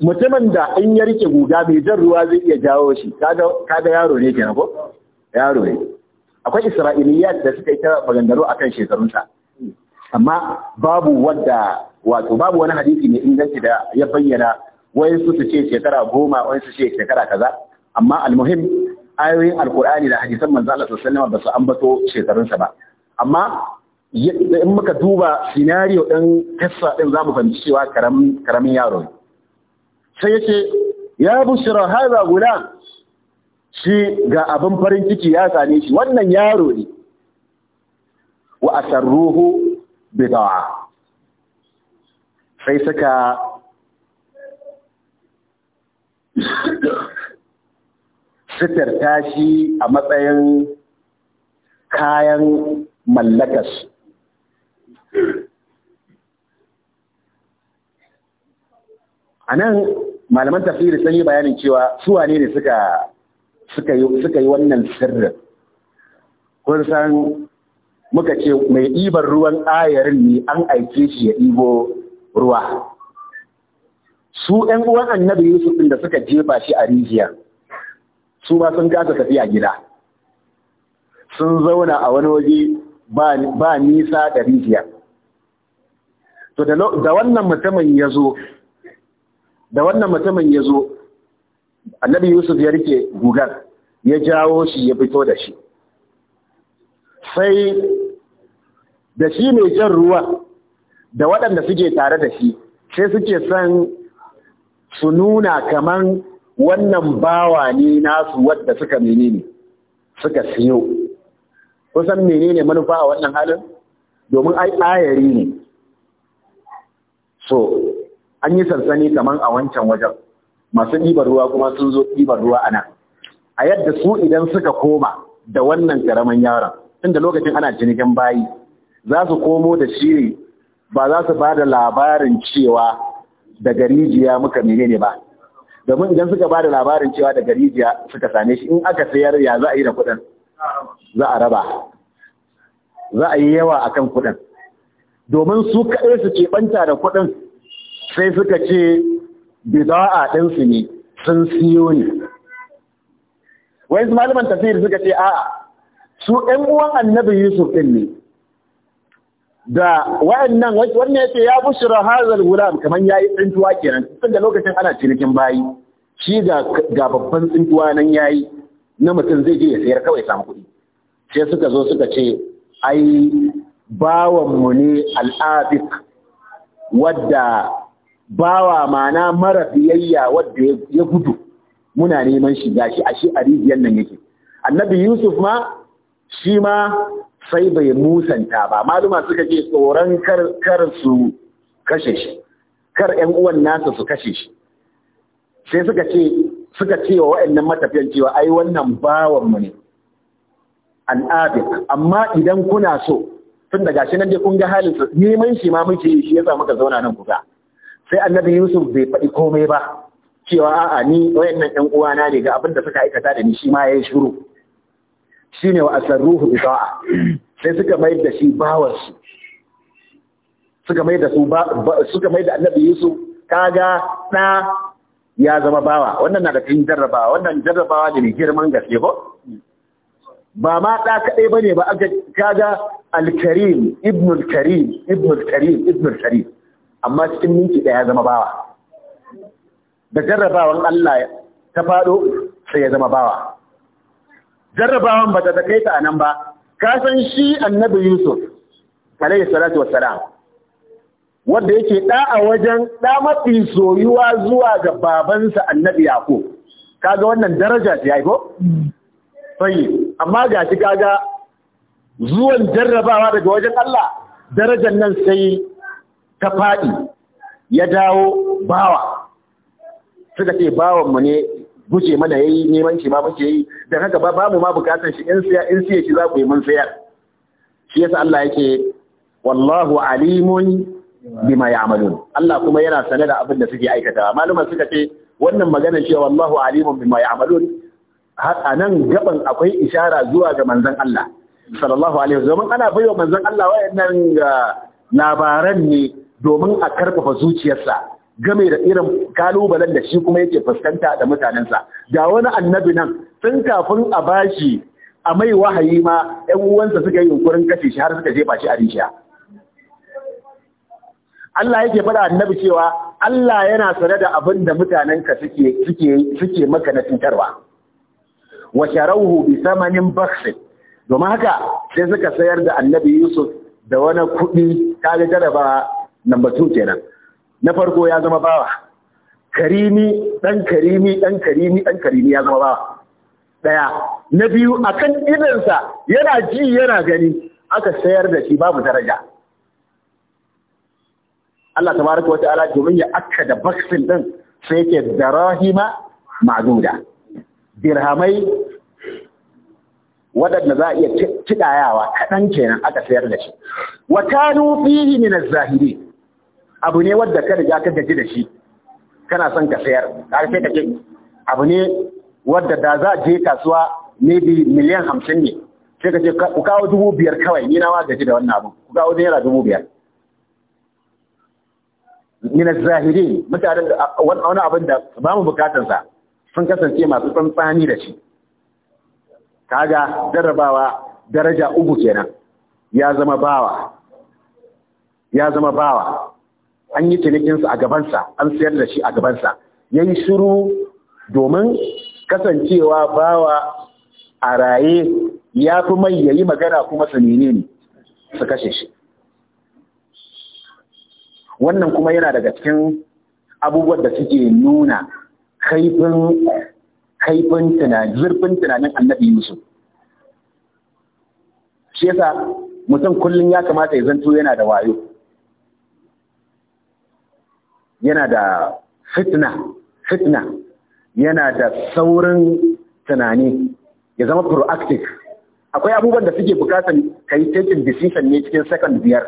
mutumin da in ya rike guga mai jan ruwa zai iya jawo shi kaga yaro ne kenan ko yaro ne akwai isra'iliyat da suka yi ta a kan shekarunsa amma babu wadda wato babu wani hadisi mai inganci da ya bayyana wayansu su ce shekara goma su ce shekara kaza amma almuhim ayoyin alkur'ani da hadisan manzo Allah sallallahu ba su ambato shekarunsa ba amma in muka duba scenario din kissa din mu fahimci cewa karamin yaro sai yace ya bushra hadha gulam shi ga abin farin ciki ya same shi wannan yaro ne wa asarruhu bid'a sai suka sitarta shi a matsayin kayan mallakas a nan malaman tafsiri sun yi bayanin cewa su ne suka suka yi wannan sirrin kun san muka ce mai ɗibar ruwan ayarin ne an aike shi ya ɗibo ruwa su ‘yan uwan annabi Yusuf ɗin da suka jefa shi a rijiya su ba sun kasa tafiya gida sun zauna a wani waje ba nisa da rijiya to da wannan mutumin ya da wannan mutumin ya zo annabi yusuf ya rike gugar ya jawo shi ya fito da shi sai da shi mai jan ruwa da waɗanda suke tare da shi sai suke son su nuna kaman wannan bawa ne nasu wadda suka menene suka siyo kusan menene manufa a wannan halin domin ai ayari ne so an yi sansani kaman a wancan wajen masu ɗiban ruwa kuma sun zo ɗiban ruwa a nan a yadda su idan suka koma da wannan ƙaramin yaron inda lokacin ana cinikin bayi za su komo da shi ba za su ba da labarin cewa daga rijiya muka menene ba domin idan suka ba da labarin cewa daga rijiya suka same shi in aka sayar ya za a yi da kuɗin za a raba za a yi yawa a kan kuɗin domin su kaɗai su keɓanta da kuɗin sai suka ce bida'a ɗinsu ne sun siyo ne wai malaman tafiyar suka ce a'a su yan uwan annabi Yusuf ɗin ne da wa'annan wannan yace ya bushra hazal kamar kaman yi tsintuwa kenan tun da lokacin ana cinikin bayi shi ga babban tsintuwa nan ya yi. na mutum zai je ya sayar kawai samu kuɗi sai suka zo suka ce ai bawan mu ne aladik wadda bawa mana mara biyayya wadda ya gudu muna neman shi a shi a rijiyar nan yake annabi yusuf ma shi ma sai bai musanta ba maluma suka ce tsoron kar su kashe shi kar 'yan uwan nasa su kashe shi sai suka ce suka ce wa waɗannan matafiyan cewa ai wannan bawan mu ne abin. amma idan kuna so tun da gashi nan dai kun ga halin neman shi ma muke yi shi yasa muka zauna nan kuka sai annabi yusuf bai faɗi komai ba cewa a'a ni wayannan ɗan uwana ne ga abin da suka aikata da ni shi ma yayi shiru shine wa asarruhu bida'a sai suka mai da shi bawar su suka mai da su suka mai da annabi yusuf kaga da ya zama bawa wannan na da cikin jarrabawa wannan jarrabawa ne mai girman gaske ko ba ma da kadai ba ne ba aka kaga alkarim al karim al karim al karim amma cikin minti ɗaya zama bawa da jarrabawan Allah ta faɗo sai ya zama bawa jarrabawan ba ta kai ta nan ba ka san shi annabi Yusuf alaihi salatu wassalam wanda yake ɗa a wajen ɗa mafi soyuwa zuwa ga babansa annabi Yaqub kaga wannan daraja ce yayi ko sai amma ga shi kaga zuwan jarrabawa daga wajen Allah darajar nan sai ta faɗi ya dawo bawa suka ce bawan mu ne guje mana yi neman shi ma muke yi dan haka ba mu ma bukatar shi in siya in siya shi za ku yi mun sayar shi yasa Allah yake wallahu alimun bima ya'malun Allah kuma yana sane da abin da suke aikatawa maluman suka ce wannan magana ce wallahu alimun bima ya'malun a nan gaban akwai ishara zuwa ga manzon Allah sallallahu alaihi wasallam ana baiwa manzon Allah wayannan ah, labaran ne domin a karfafa zuciyarsa game da irin kalubalen da shi kuma yake fuskanta da mutanensa ga wani annabi nan tun kafin a bashi a mai wahayi ma 'yan uwansa suka yi yunkurin kashe shi har suka jefa shi a rijiya Allah yake faɗa annabi cewa Allah yana sane da abin da mutanenka suke suke suke maka na cutarwa wa sharauhu bi samanin bakhsin domin haka sai suka sayar da annabi Yusuf da wani kuɗi ta ga jarrabawa. number two kenan na farko ya zama bawa karimi dan karimi dan karimi dan karimi ya zama bawa daya na biyu akan sa yana ji yana gani aka sayar da shi babu daraja Allah tabaraka wata'ala domin ya da baksin din sai yake darahima ma'duda dirhamai waɗanda za a iya kidayawa kaɗan kenan aka sayar da shi wa kanu fihi min az zahirin abu ne wadda ka riga ka gaji da shi kana son ka sayar har sai ka ce abu ne wadda da za a je kasuwa maybe miliyan hamsin ne sai ka ce ku kawo dubu biyar kawai ni na ma gaji da wannan abu ku kawo naira dubu biyar na zahiri mutanen wani abin da ba mu bukatansa sun kasance masu tsantsani da shi kaga jarrabawa daraja uku kenan ya zama bawa ya zama bawa an yi cinikinsa a gabansa an sayar da shi a gabansa ya yi shiru domin kasancewa bawa a raye ya fi mai ya yi magana kuma su ne su kashe shi wannan kuma yana daga cikin abubuwan da suke nuna kaifin kaifin zurfin tunanin annabi yusuf shi yasa mutum kullum ya kamata ya zanto yana da wayo yana da fitna fitna yana da saurin tunani ya zama proactive akwai abubuwan da suke ka kai taking decision ne cikin second biyar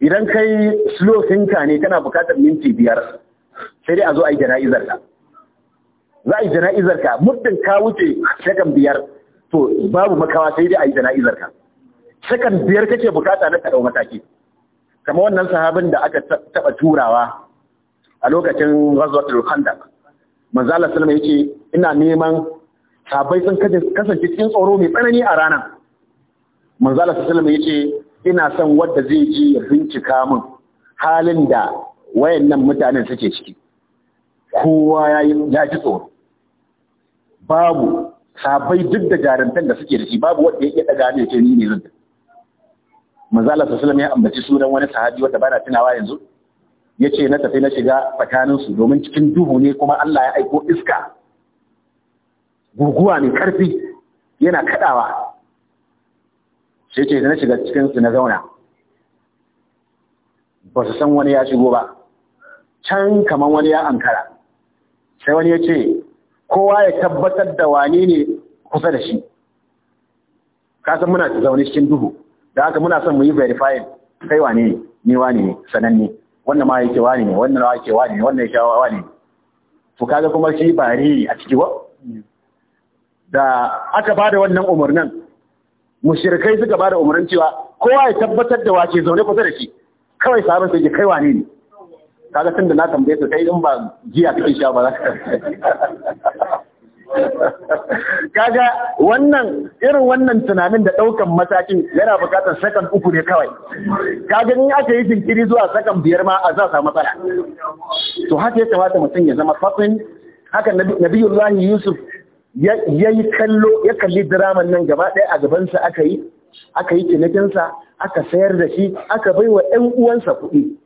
idan kai slow thinker ne kana bukatar minti biyar sai dai a zo a yi jana'izar ka za a yi jana'izar ka muddin ka wuce second biyar to babu makawa sai dai a yi jana'izar ka second biyar kake bukata na ka mataki kamar wannan sahabin da aka taba turawa a lokacin ghazwatul khandaq manzo Allah sallama yace ina neman sabai sun kasance cikin tsoro mai tsanani a ranar manzo Allah sallama yace ina son wanda zai ji ya bincika min halin da wayannan mutanen suke ciki kowa yayi ya ji tsoro babu sabai duk da jarantar da suke da shi babu wanda yake daga ne ce ni ne zan manzo Allah sallama ya ambaci sunan wani sahabi wanda bana tunawa yanzu ya ce na tafi na shiga tsakaninsu domin cikin duhu ne kuma Allah ya aiko iska guguwa mai ƙarfi yana kaɗawa sai ce na shiga cikinsu na zauna ba su san wani ya shigo ba can kamar wani ya ankara sai wani ya ce kowa ya tabbatar da wane ne kusa da shi kasan muna zaune cikin duhu da haka muna son mu yi verifying kai wane ne ne wane ne sananne wannan ma yake wani ne wannan ma yake wani ne wannan yake wani ne to kaga kuma shi bari a ciki ba da aka bada wannan umarnin mushrikai suka bada umarnin cewa kowa ya tabbatar da wace zaune kusa da shi kawai sabon sai ke kai wani ne kaga tunda da na tambaye su kai in ba giya kake sha ba za ka [LAUGHS] kaga wannan irin wannan tunanin da ɗaukan matakin yana bukatar sakan uku ne kawai kaga in aka yi jinkiri zuwa sakan biyar ma a za matsala to haka ya kamata mutum ya zama fatsin haka nabiyullahi yusuf ya yi kallo ya kalli diraman nan gaba ɗaya a gabansa aka yi aka yi cinikinsa aka sayar da shi aka bai wa ‘yan uwansa kuɗi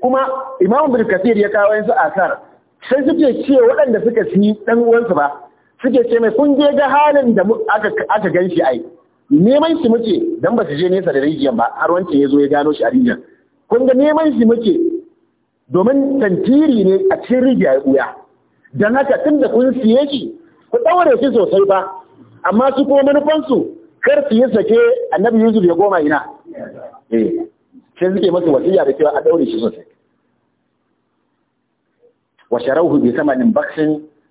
kuma imam bin ya kawo yanzu asar sai suke ce waɗanda suka siyi ɗan uwansu ba suke ce mai kun je ga halin da aka gan shi ai neman shi muke dan ba su je nesa da rijiyar ba har wance ya zo ya gano shi a rijiyar kun ga neman shi muke domin tantiri ne a cikin rijiya ya ɓuya don haka tun da kun siye shi ku ɗaure shi sosai ba amma su ko manufansu kar su yi sake annabi yusuf ya goma ina eh sai suke masa wasiya da cewa a ɗaure shi sosai وشروه بثمن بخس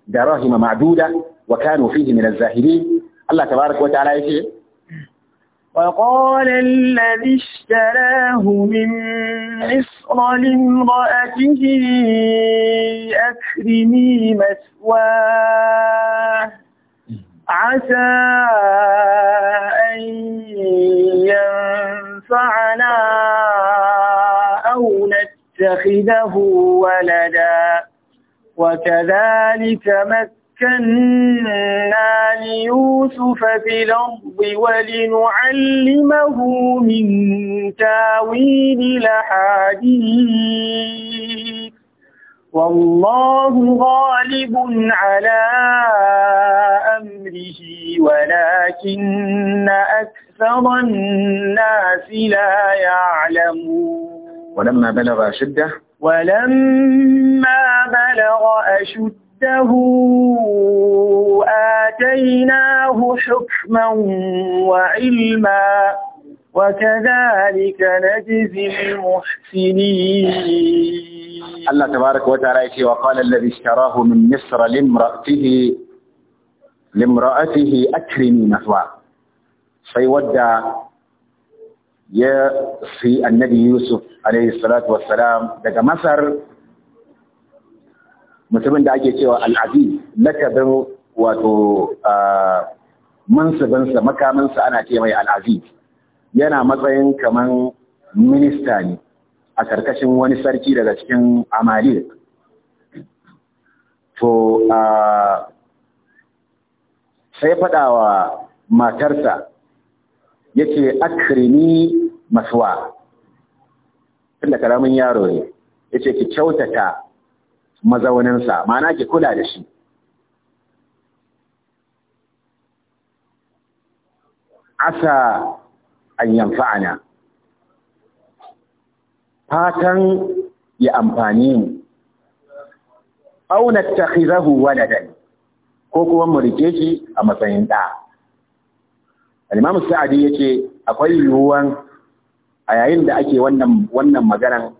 دراهم معدودة وكانوا فيه من الزاهدين الله تبارك وتعالى يشيء وقال الذي اشتراه من مصر لامرأته أكرمي مثواه عسى أن ينفعنا أو نتخذه ولدا وكذلك مكنا ليوسف في الأرض ولنعلمه من تاويل الأحاديث والله غالب على أمره ولكن أكثر الناس لا يعلمون ولما بلغ شده ولما بلغ أشده آتيناه حكما وعلما وكذلك نجزي المحسنين الله تبارك وتعالى وقال الذي اشتراه من مصر لامرأته لامرأته أكرمي مثواه سيودى يا في النبي يوسف alaihi salatu wassalam daga Masar mutumin da ake cewa al'aziz lakabin wato mansubinsa makaminsa ana ce mai al'aziz yana matsayin kamar minista ne a karkashin wani sarki daga cikin amali. to sai faɗawa matarsa yake akrimi masuwa tunda karamin yaro ne yace ki kyautata sa ma'ana ki kula da shi asa an yanfa'ana fatan ya amfani mu auna takhizahu waladan ko kuma mu rike shi a matsayin da al-imam sa'adi yace akwai yuwan a yayin da ake wannan wannan maganan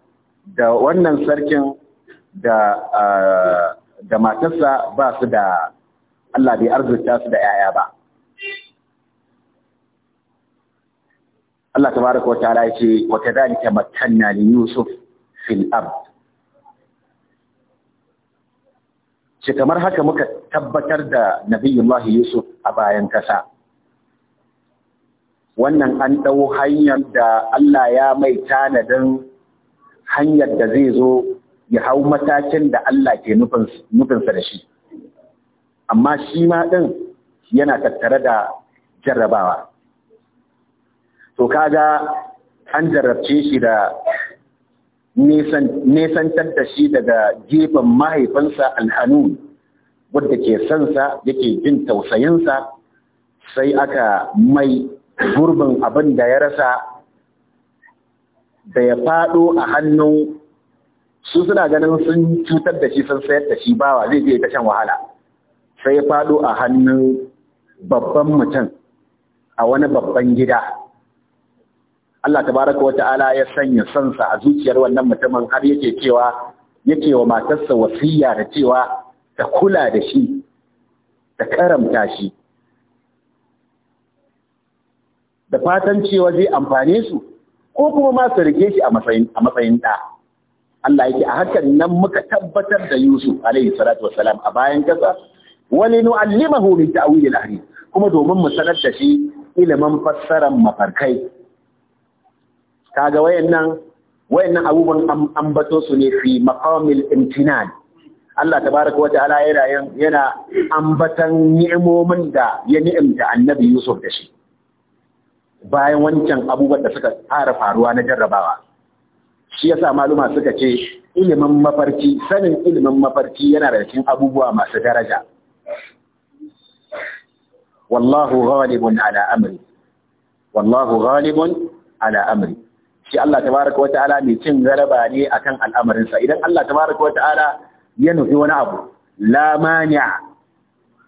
da wannan sarkin da matarsa ba su da Allah bai arzuta su da ‘ya'ya ba. Allah ta baraka wata ala ce, wata dalika matanna li Yusuf fil ard. kamar haka muka tabbatar da Nabiyullahi Yusuf a bayan kasa. wannan an ɗau hanyar da Allah ya mai tanadin hanyar da zai zo ya hau matakin da Allah ke nufinsa da shi. Amma shi ma ɗin yana tattare da jarrabawa. To kaga an jarrabce shi da nesantar da shi daga gefen mahaifinsa alhanun wadda ke sansa yake jin tausayinsa sai aka mai gurbin abin da ya rasa da ya faɗo a hannun su suna ganin sun cutar da shi sun sayar da shi bawa zai je ta shan wahala sai ya faɗo a hannun babban mutum a wani babban gida Allah tabaraka wa ta'ala ya sanya sansa a zuciyar wannan mutumin har yake cewa yake wa matarsa wasiya da cewa ta kula da shi ta karamta shi fatan cewa zai amfane su ko kuma ma su rike shi a matsayin ɗa. Allah yake a hakan nan muka tabbatar da Yusuf alaihi salatu salam a bayan kasa wani nu'allimahu min ta'wil al-ahadith kuma domin mu sanar da shi ilimin fassarar mafarkai kaga wayannan wayannan abubuwan ambato su ne fi maqamil imtinan Allah tabaraka wa ta'ala yana yana ambatan ni'imomin da ya ni'imta annabi Yusuf da shi bayan wancan abubuwan da suka fara faruwa na jarrabawa shi yasa maluma suka ce ilimin mafarki sanin ilimin mafarki yana da cikin abubuwa masu daraja wallahu ghalibun ala amri wallahu ghalibun ala amri shi Allah wa ta'ala mai cin garaba ne akan al'amarinsa idan Allah tabaraka wa ta'ala ya nufi wani abu la mani'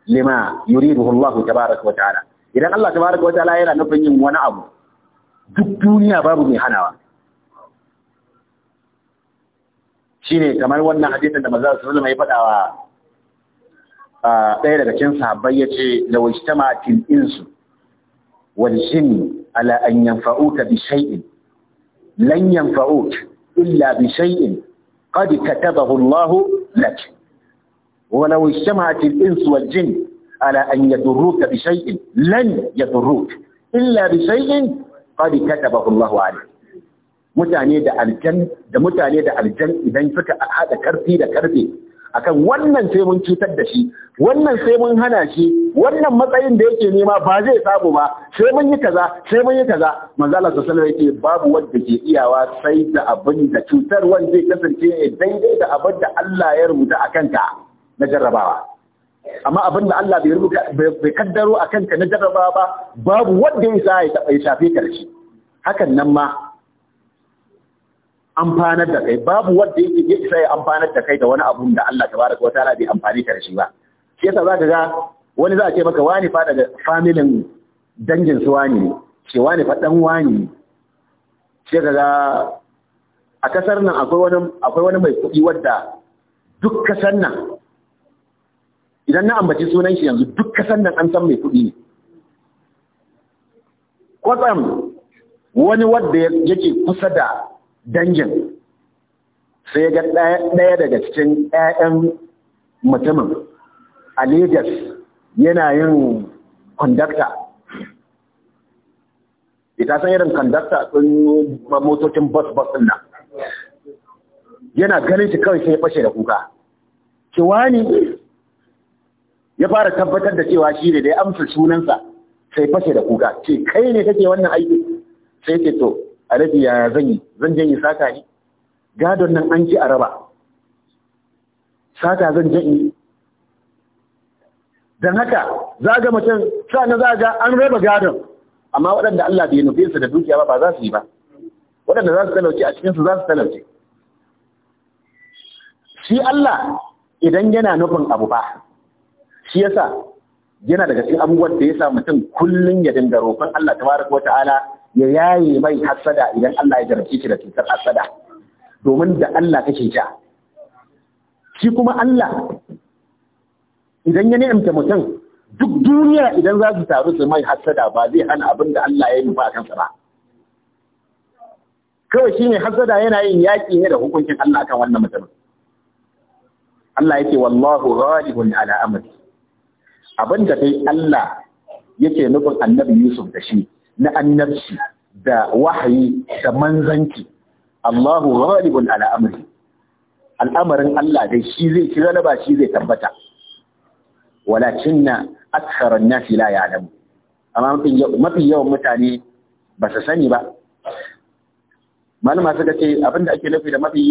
lima yuridu Allah tabaraka wa ta'ala idan Allah tabaraka wa ta'ala yana nufin yin wani abu duk duniya babu mai hanawa ne kamar wannan hadisin da maza su zama ya faɗa wa ah, ɗaya daga cikin sahabbai yace law ijtama'atil insu wal jinn ala an yanfa'uka bi shay'in lan yanfa'uk illa bi shay'in qad katabahu Allah lak ولو اجتمعت الإنس والجن ala an yadurruka bi shay'in lan yadurruka illa bi shay'in qad katabahu Allahu alayk mutane da aljan da mutane da aljan idan suka hada karfi da karfe akan wannan sai mun cutar da shi wannan sai mun hana shi wannan matsayin da yake nema ba zai samu ba sai mun yi kaza sai mun yi kaza manzo Allah sallallahu alaihi yake babu wanda ke iyawa sai da abin da cutar wanda zai kasance daidai da abin da Allah ya rubuta akan ka na jarrabawa amma abin da Allah bai rubuta bai kaddaro a ka na jarraba ba babu wanda ya sa ya taɓa shafe karshe hakan nan ma amfanar da kai babu wanda yake ya isa ya amfanar da kai da wani abu da Allah tabaraka wa ta'ala bai amfani karshe ba shi yasa zaka ga wani za a ce maka wani fa daga familin dangin su wani ne ce wani fa dan wani sai kaga a kasar nan akwai wani akwai wani mai kuɗi wanda duk kasar nan idan na ambaci sunan shi yanzu duk kasan nan an san mai kuɗi ne kwatsam wani wadda yake kusa da dangin sai ga ɗaya daga cikin 'ya'yan mutumin a Legas yana yin kondakta. ita san irin sun yi motocin bus-bus ɗin nan yana ganin shi kawai sai ya fashe da kuka Ki wani. ya fara tabbatar da cewa shi ne da ya amsa sunansa sai fashe da kuka ce kai ne kake wannan aiki sai ce to alaji ya zan yi zan yi saka ne gadon nan an ci a raba saka zan yi? Dan haka za ga mutum sa za ga an raba gadon amma waɗanda Allah bai nufe su da dukiya ba ba za su yi ba waɗanda za su talauce a cikinsu za su talauce shi Allah idan yana nufin abu ba shi yasa yana daga cikin abubuwan da yasa mutum kullum ya dinga roƙon Allah tabaraka wa ta'ala ya yaye mai hasada idan Allah ya jarabce shi da cutar hasada domin da Allah kake ta shi kuma Allah idan ya ni'imta mutum duk duniya idan za su taru su mai hasada ba zai hana abin da Allah ya yi ba kansa ba kawai shi ne hasada yana yin yaƙi ne da hukuncin Allah kan wannan mutumin Allah yake wallahu ghalibun ala amri abin da dai Allah yake nufin annabi Yusuf da shi na annabci da wahayi da manzanci Allahu ghalibun ala amri al'amarin Allah dai shi zai ci galaba shi zai tabbata walakinna akthara an-nas la ya'lamu amma mafi yawan mutane ba su sani ba malama suka ce abinda ake nufi da mafi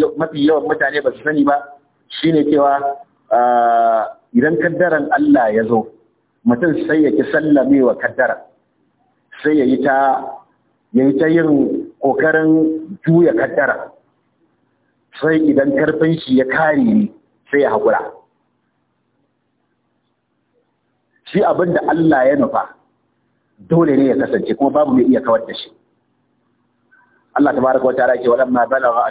yawan mutane ba su sani ba shine cewa ah, idan kaddaran Allah ya zo mutum sai ya ki sallame wa kaddara sai ya yi ta yin ƙoƙarin juya kaddara sai idan karfin shi ya kare ne sai ya haƙura shi abin da Allah ya nufa dole ne ya kasance kuma babu mai iya kawar da shi Allah rake wa ta'ala ke walamma balagha a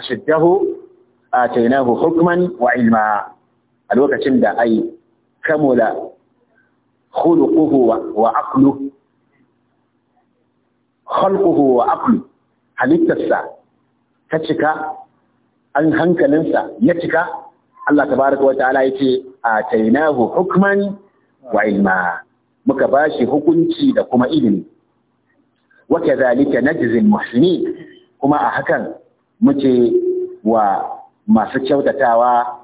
atainahu hukman wa ilma a lokacin da ai kamula خلقه وعقله خلقه halittarsa ta cika an hankalinsa ya cika Allah tabaraka wa ta'ala yace atainahu hukman wa ilma muka bashi hukunci da kuma ilimi wa kadhalika najzil muhsinin kuma a hakan muke wa masu kyautatawa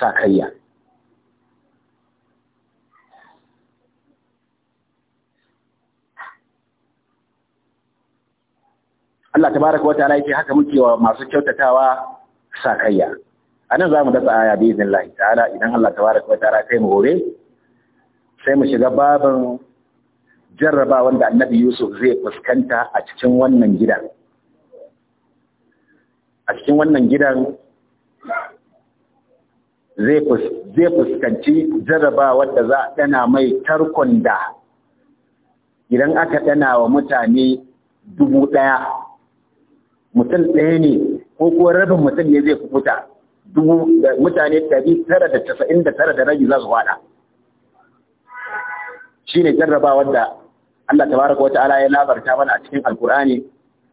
sakayya Allah tabaraka wa ta'ala yake haka muke wa masu kyautatawa sakayya anan zamu da tsaya bi Allah ta'ala idan Allah tabaraka wa ta'ala kai mu gore sai mu shiga babin jarraba wanda Annabi Yusuf zai fuskanta a cikin wannan gidan a cikin wannan gidan zai fuskanci jarraba wanda za a dana mai tarkon da idan aka dana wa mutane dubu ɗaya mutum ɗaya ne ko kuwa rabin mutum ne zai kukuta dubu da mutane ɗari tara da casa'in da tara da rabi za su faɗa shi ne jarrabawar da Allah tabaraka wa ta'ala ya labarta mana a cikin alkur'ani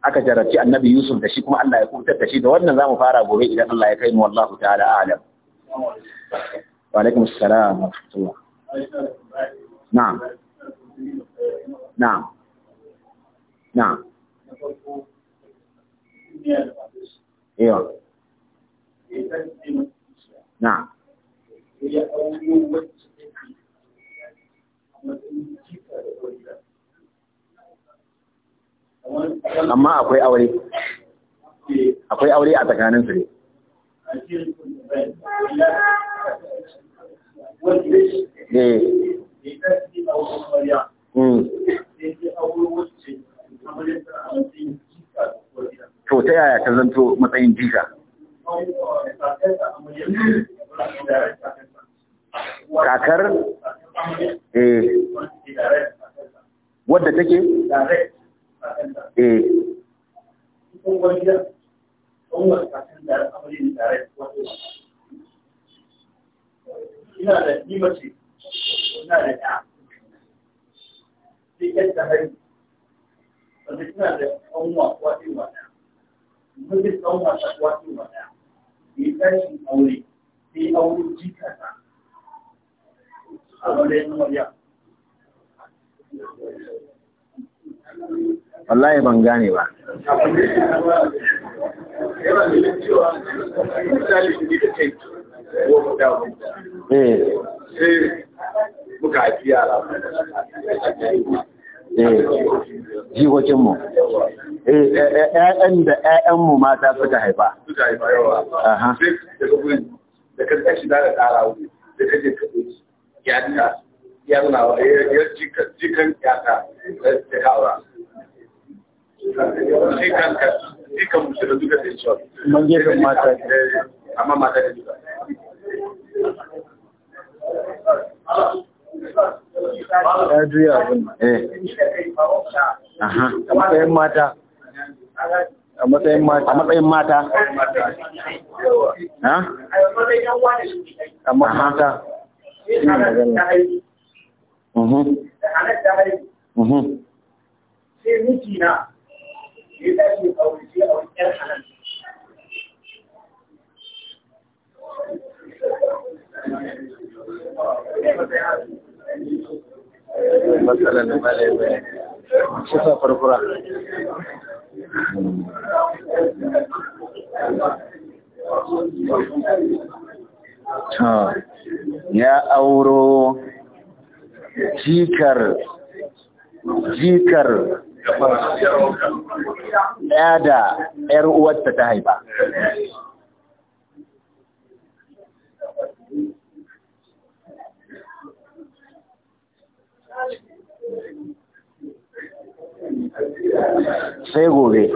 aka jarrabci annabi yusuf da shi kuma Allah ya kubutar da shi da wannan zamu fara gobe idan Allah ya kai mu wallahu ta'ala a'lam wa alaikum assalam wa rahmatullah na'am na'am na'am Ewa. Na. Amma akwai aure. Eh. Akwai aure a tsakanin su ne. ta zanto matsayin jika kakar eh wadda take mata amma mata da duka ya juya abin eh aha a matsayin mata a matsayin mata a matsayin mata ha a mata mhm mhm sai miki na ya tashi kawai sai a wani ƴan halal ya auro jikar jikar ɗaya da ‘yar uwarta ta haifa sai gobe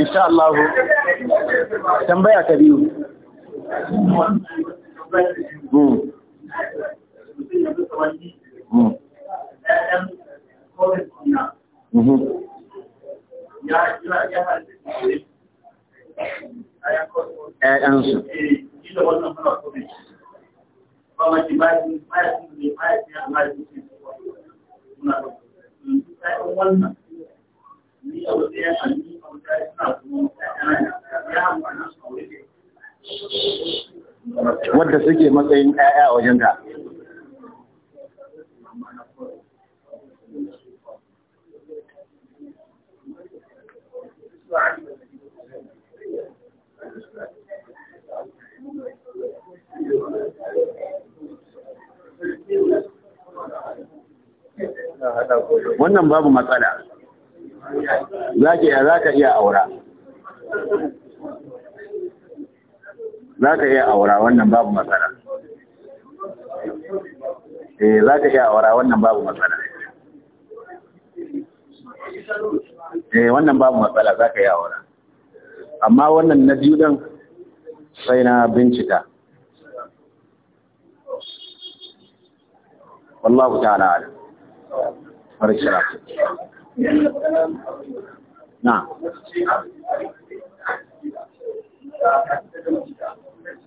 Insha Allah, tambaya ta biyu. ‘ya'yansu. Ni a wasu ya ya wadda suke matsayin ƴaƴa a wajen wannan babu matsala za ka iya aura za ka iya aura wannan babu matsala eh za ka iya aura wannan babu matsala eh wannan babu matsala za ka iya aura amma wannan na biyu dan sai na bincika wallahu ta'ala har shi rafi na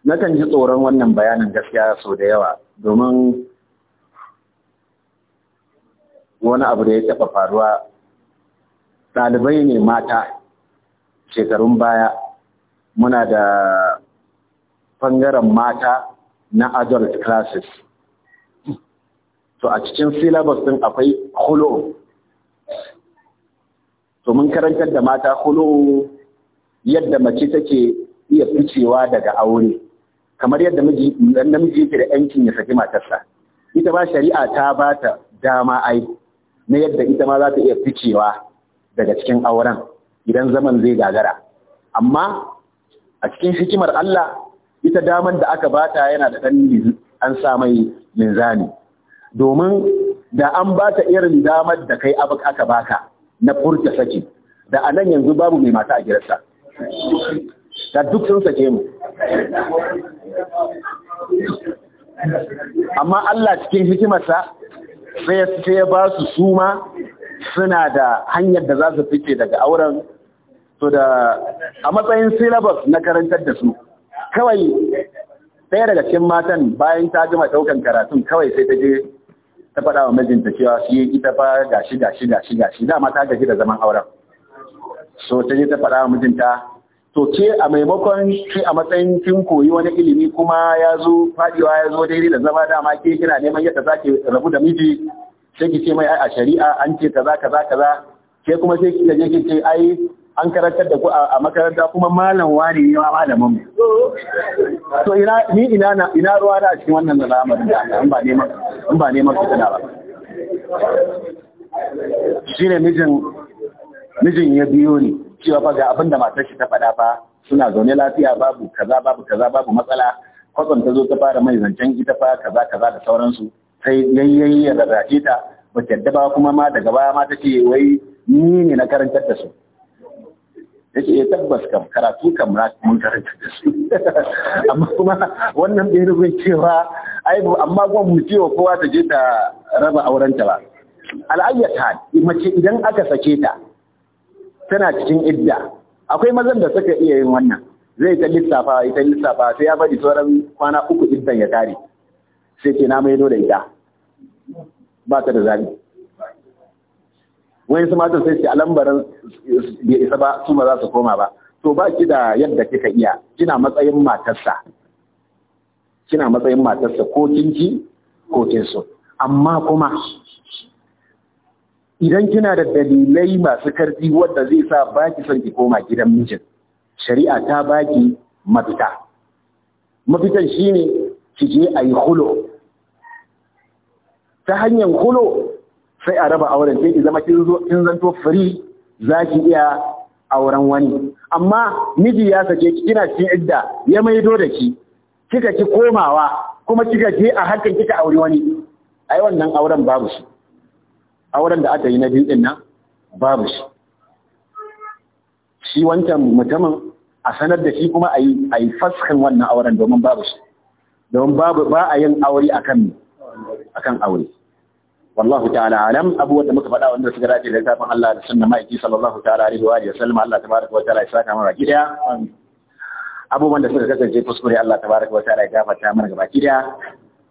Nakan ji tsoron wannan bayanin gaskiya sau da yawa domin wani abu da ya taɓa faruwa ɗalibai ne mata shekarun baya muna da ɓangaren mata na adult classes. To a cikin syllabus ɗin akwai holo. To mun karantar da mata holo yadda mace take iya ficewa daga aure. kamar yadda namiji yake da yancin ya saki matarsa ita ba shari'a ta ba ta dama ai na yadda ita ma za ta iya ficewa daga cikin auren idan zaman zai gagara amma a cikin hikimar Allah ita daman da aka bata yana da ɗan an sa mai linzami domin da an ba ta irin damar da kai abu aka baka na furta saki da anan yanzu babu mai mata a gidansa da duk sun sake mu amma Allah cikin hikimarsa sai ya ba su suma suna da hanyar da za su fice daga auren to da a matsayin syllabus na karantar da su kawai ɗaya daga cikin matan bayan ta gama ɗaukan karatun kawai sai ta je ta faɗa wa mijinta cewa shi ita fa gashi gashi gashi gashi dama ta gaji da zaman auren so ta je ta faɗa wa mijinta to ce a maimakon shi a matsayin kin koyi wani ilimi kuma ya zo faɗiwa ya zo daidai da zama dama ke kina neman yadda za ke rabu da miji sai ki ce mai a shari'a an ce kaza kaza kaza ke kuma sai ki gaje ki ce ai an karantar da ku a makaranta kuma malam wani ne malamin mu to ina ni ina na ina ruwa da cikin wannan da in ba neman in ba neman fitina ba shine mijin mijin ya biyo ni cewa fa ga abin da matar shi ta faɗa fa suna zaune lafiya babu kaza babu kaza babu matsala kwatsam ta zo ta fara mai zancen ita fa kaza kaza da sauransu sai yayyayi ya zazace ta ba yadda ba kuma ma daga baya ma take wai ni ne na karantar da su Yake ya eh, tabbas kam karatu kam na mun karanta da su [LAUGHS] amma kuma wannan bai rubin cewa ai amma gwan mu cewa kowa ta je ta raba aurenta ba al'ayyata mace idan aka sake ta tana cikin idda akwai mazan da suka iya yin wannan zai ta lissafa ita lissafa sai ya faɗi sauran kwana uku iddan ya kare sai ke na maido da ita ba ta da zabi wani su matan sai ce a bai isa ba su ma za su koma ba to ba ki da yadda kika iya kina matsayin matarsa kina matsayin matarsa ko kinki ko kinsu amma kuma idan kina da dalilai masu karfi wadda zai sa baki son ki koma gidan mijin shari'a ta baki mafita mafitan shine ki je a yi hulo ta hanyar hulo sai a raba auren sai ki zama kin zanto free za ki iya auren wani amma miji ya sake ki kina cikin idda ya maido da ki kika ki komawa kuma kika je a hakan kika auri wani ai wannan auren babu shi auren da aka yi na biyu din nan babu shi shi wancan mutumin a sanar da shi kuma a yi faskan wannan auren domin babu shi domin babu ba a yin aure akan akan aure wallahu ta'ala alam abubuwan da muka faɗa wanda suka dace da zafin Allah da sunna ma'aiki sallallahu ta'ala alaihi wa sallam Allah tabaraka wa ta'ala ya saka mana baki daya abubuwan da suka kasance kuskure Allah ta tabaraka wa ta'ala ya gafarta mana gaba ki daya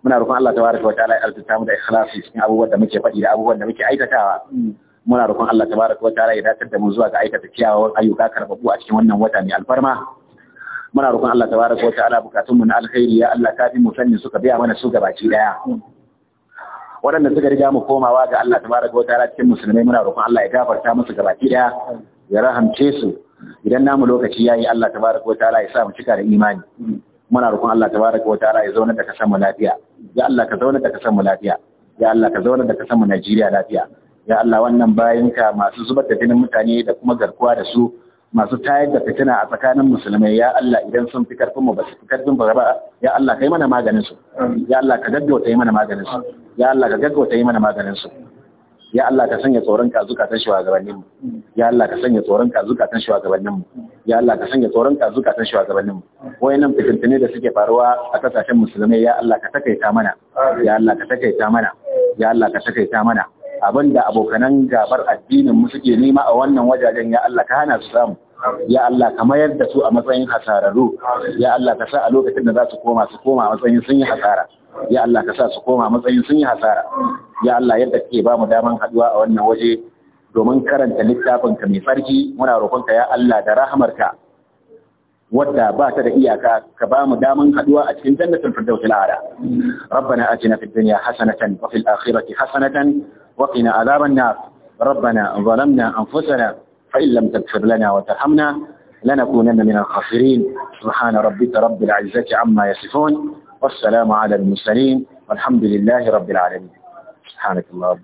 muna roƙon Allah tabaraka wa ta'ala ya arzuta mu da ikhlasi cikin abubuwan da muke faɗi da abubuwan da muke aikatawa mm. muna roƙon Allah tabaraka wa ta'ala ya dakatar da mu zuwa ga aikata kiyawawan ayyuka karbabu a cikin wannan wata mai alfarma muna roƙon Allah tabaraka wa ta'ala bukatun mu na alkhairi ya Allah ka fi mu sanni suka biya mana su gabaki daya mm. waɗanda suka riga mu komawa ga Allah tabaraka wa ta'ala cikin musulmai muna roƙon Allah ya gafarta musu gabaki daya mm. ya rahamce su idan namu lokaci yayi Allah tabaraka wa ta'ala ya sa mu cika da imani muna roƙon Allah tabaraka wa ta'ala ya zauna da kasan mu lafiya ya Allah ka zauna da kasanmu lafiya ya Allah ka zauna da kasanmu Najeriya lafiya ya Allah wannan bayinka masu zubar da jinin mutane da kuma garkuwa da su masu tayar da fitina a tsakanin musulmai ya Allah idan sun fi karfin mu ba su fi karfin ba ba ya Allah kai mana maganin su ya Allah ka gaggauta yi mana maganin su ya Allah ka gaggauta yi mana maganin su ya Allah ka sanya tsoron ka zukatan shugabannin mu ya Allah ka sanya tsoron ka zukatan shugabannin mu ya Allah ka sanya tsoron ka zukatan shugabannin mu wayannan fitintune da suke faruwa a kasashen musulmai ya Allah ka takaita mana ya Allah ka takaita mana ya Allah ka takaita mana abinda abokanan gabar addinin mu suke nema a wannan wajajen ya Allah ka hana su samu ya Allah ka mayar da su a matsayin hasararru ya Allah ka sa a lokacin da za su koma su koma a matsayin sun yi hasara ya Allah ka sa su koma a matsayin sun yi hasara ya Allah yadda kake ba mu daman haduwa a wannan waje domin karanta littafin ka mai farki muna roƙonka ya Allah da rahamarka wadda ba ta da iyaka ka ba mu daman haduwa a cikin jannatin firdaus al'ala rabbana atina fid dunya hasanatan wa fil akhirati hasanatan wa qina adhaban nar ربنا ظلمنا أنفسنا فإن لم تغفر لنا وترحمنا لنكونن من الخاسرين سبحان ربك رب العزة عما يصفون والسلام على المرسلين والحمد لله رب العالمين Hanukkah love.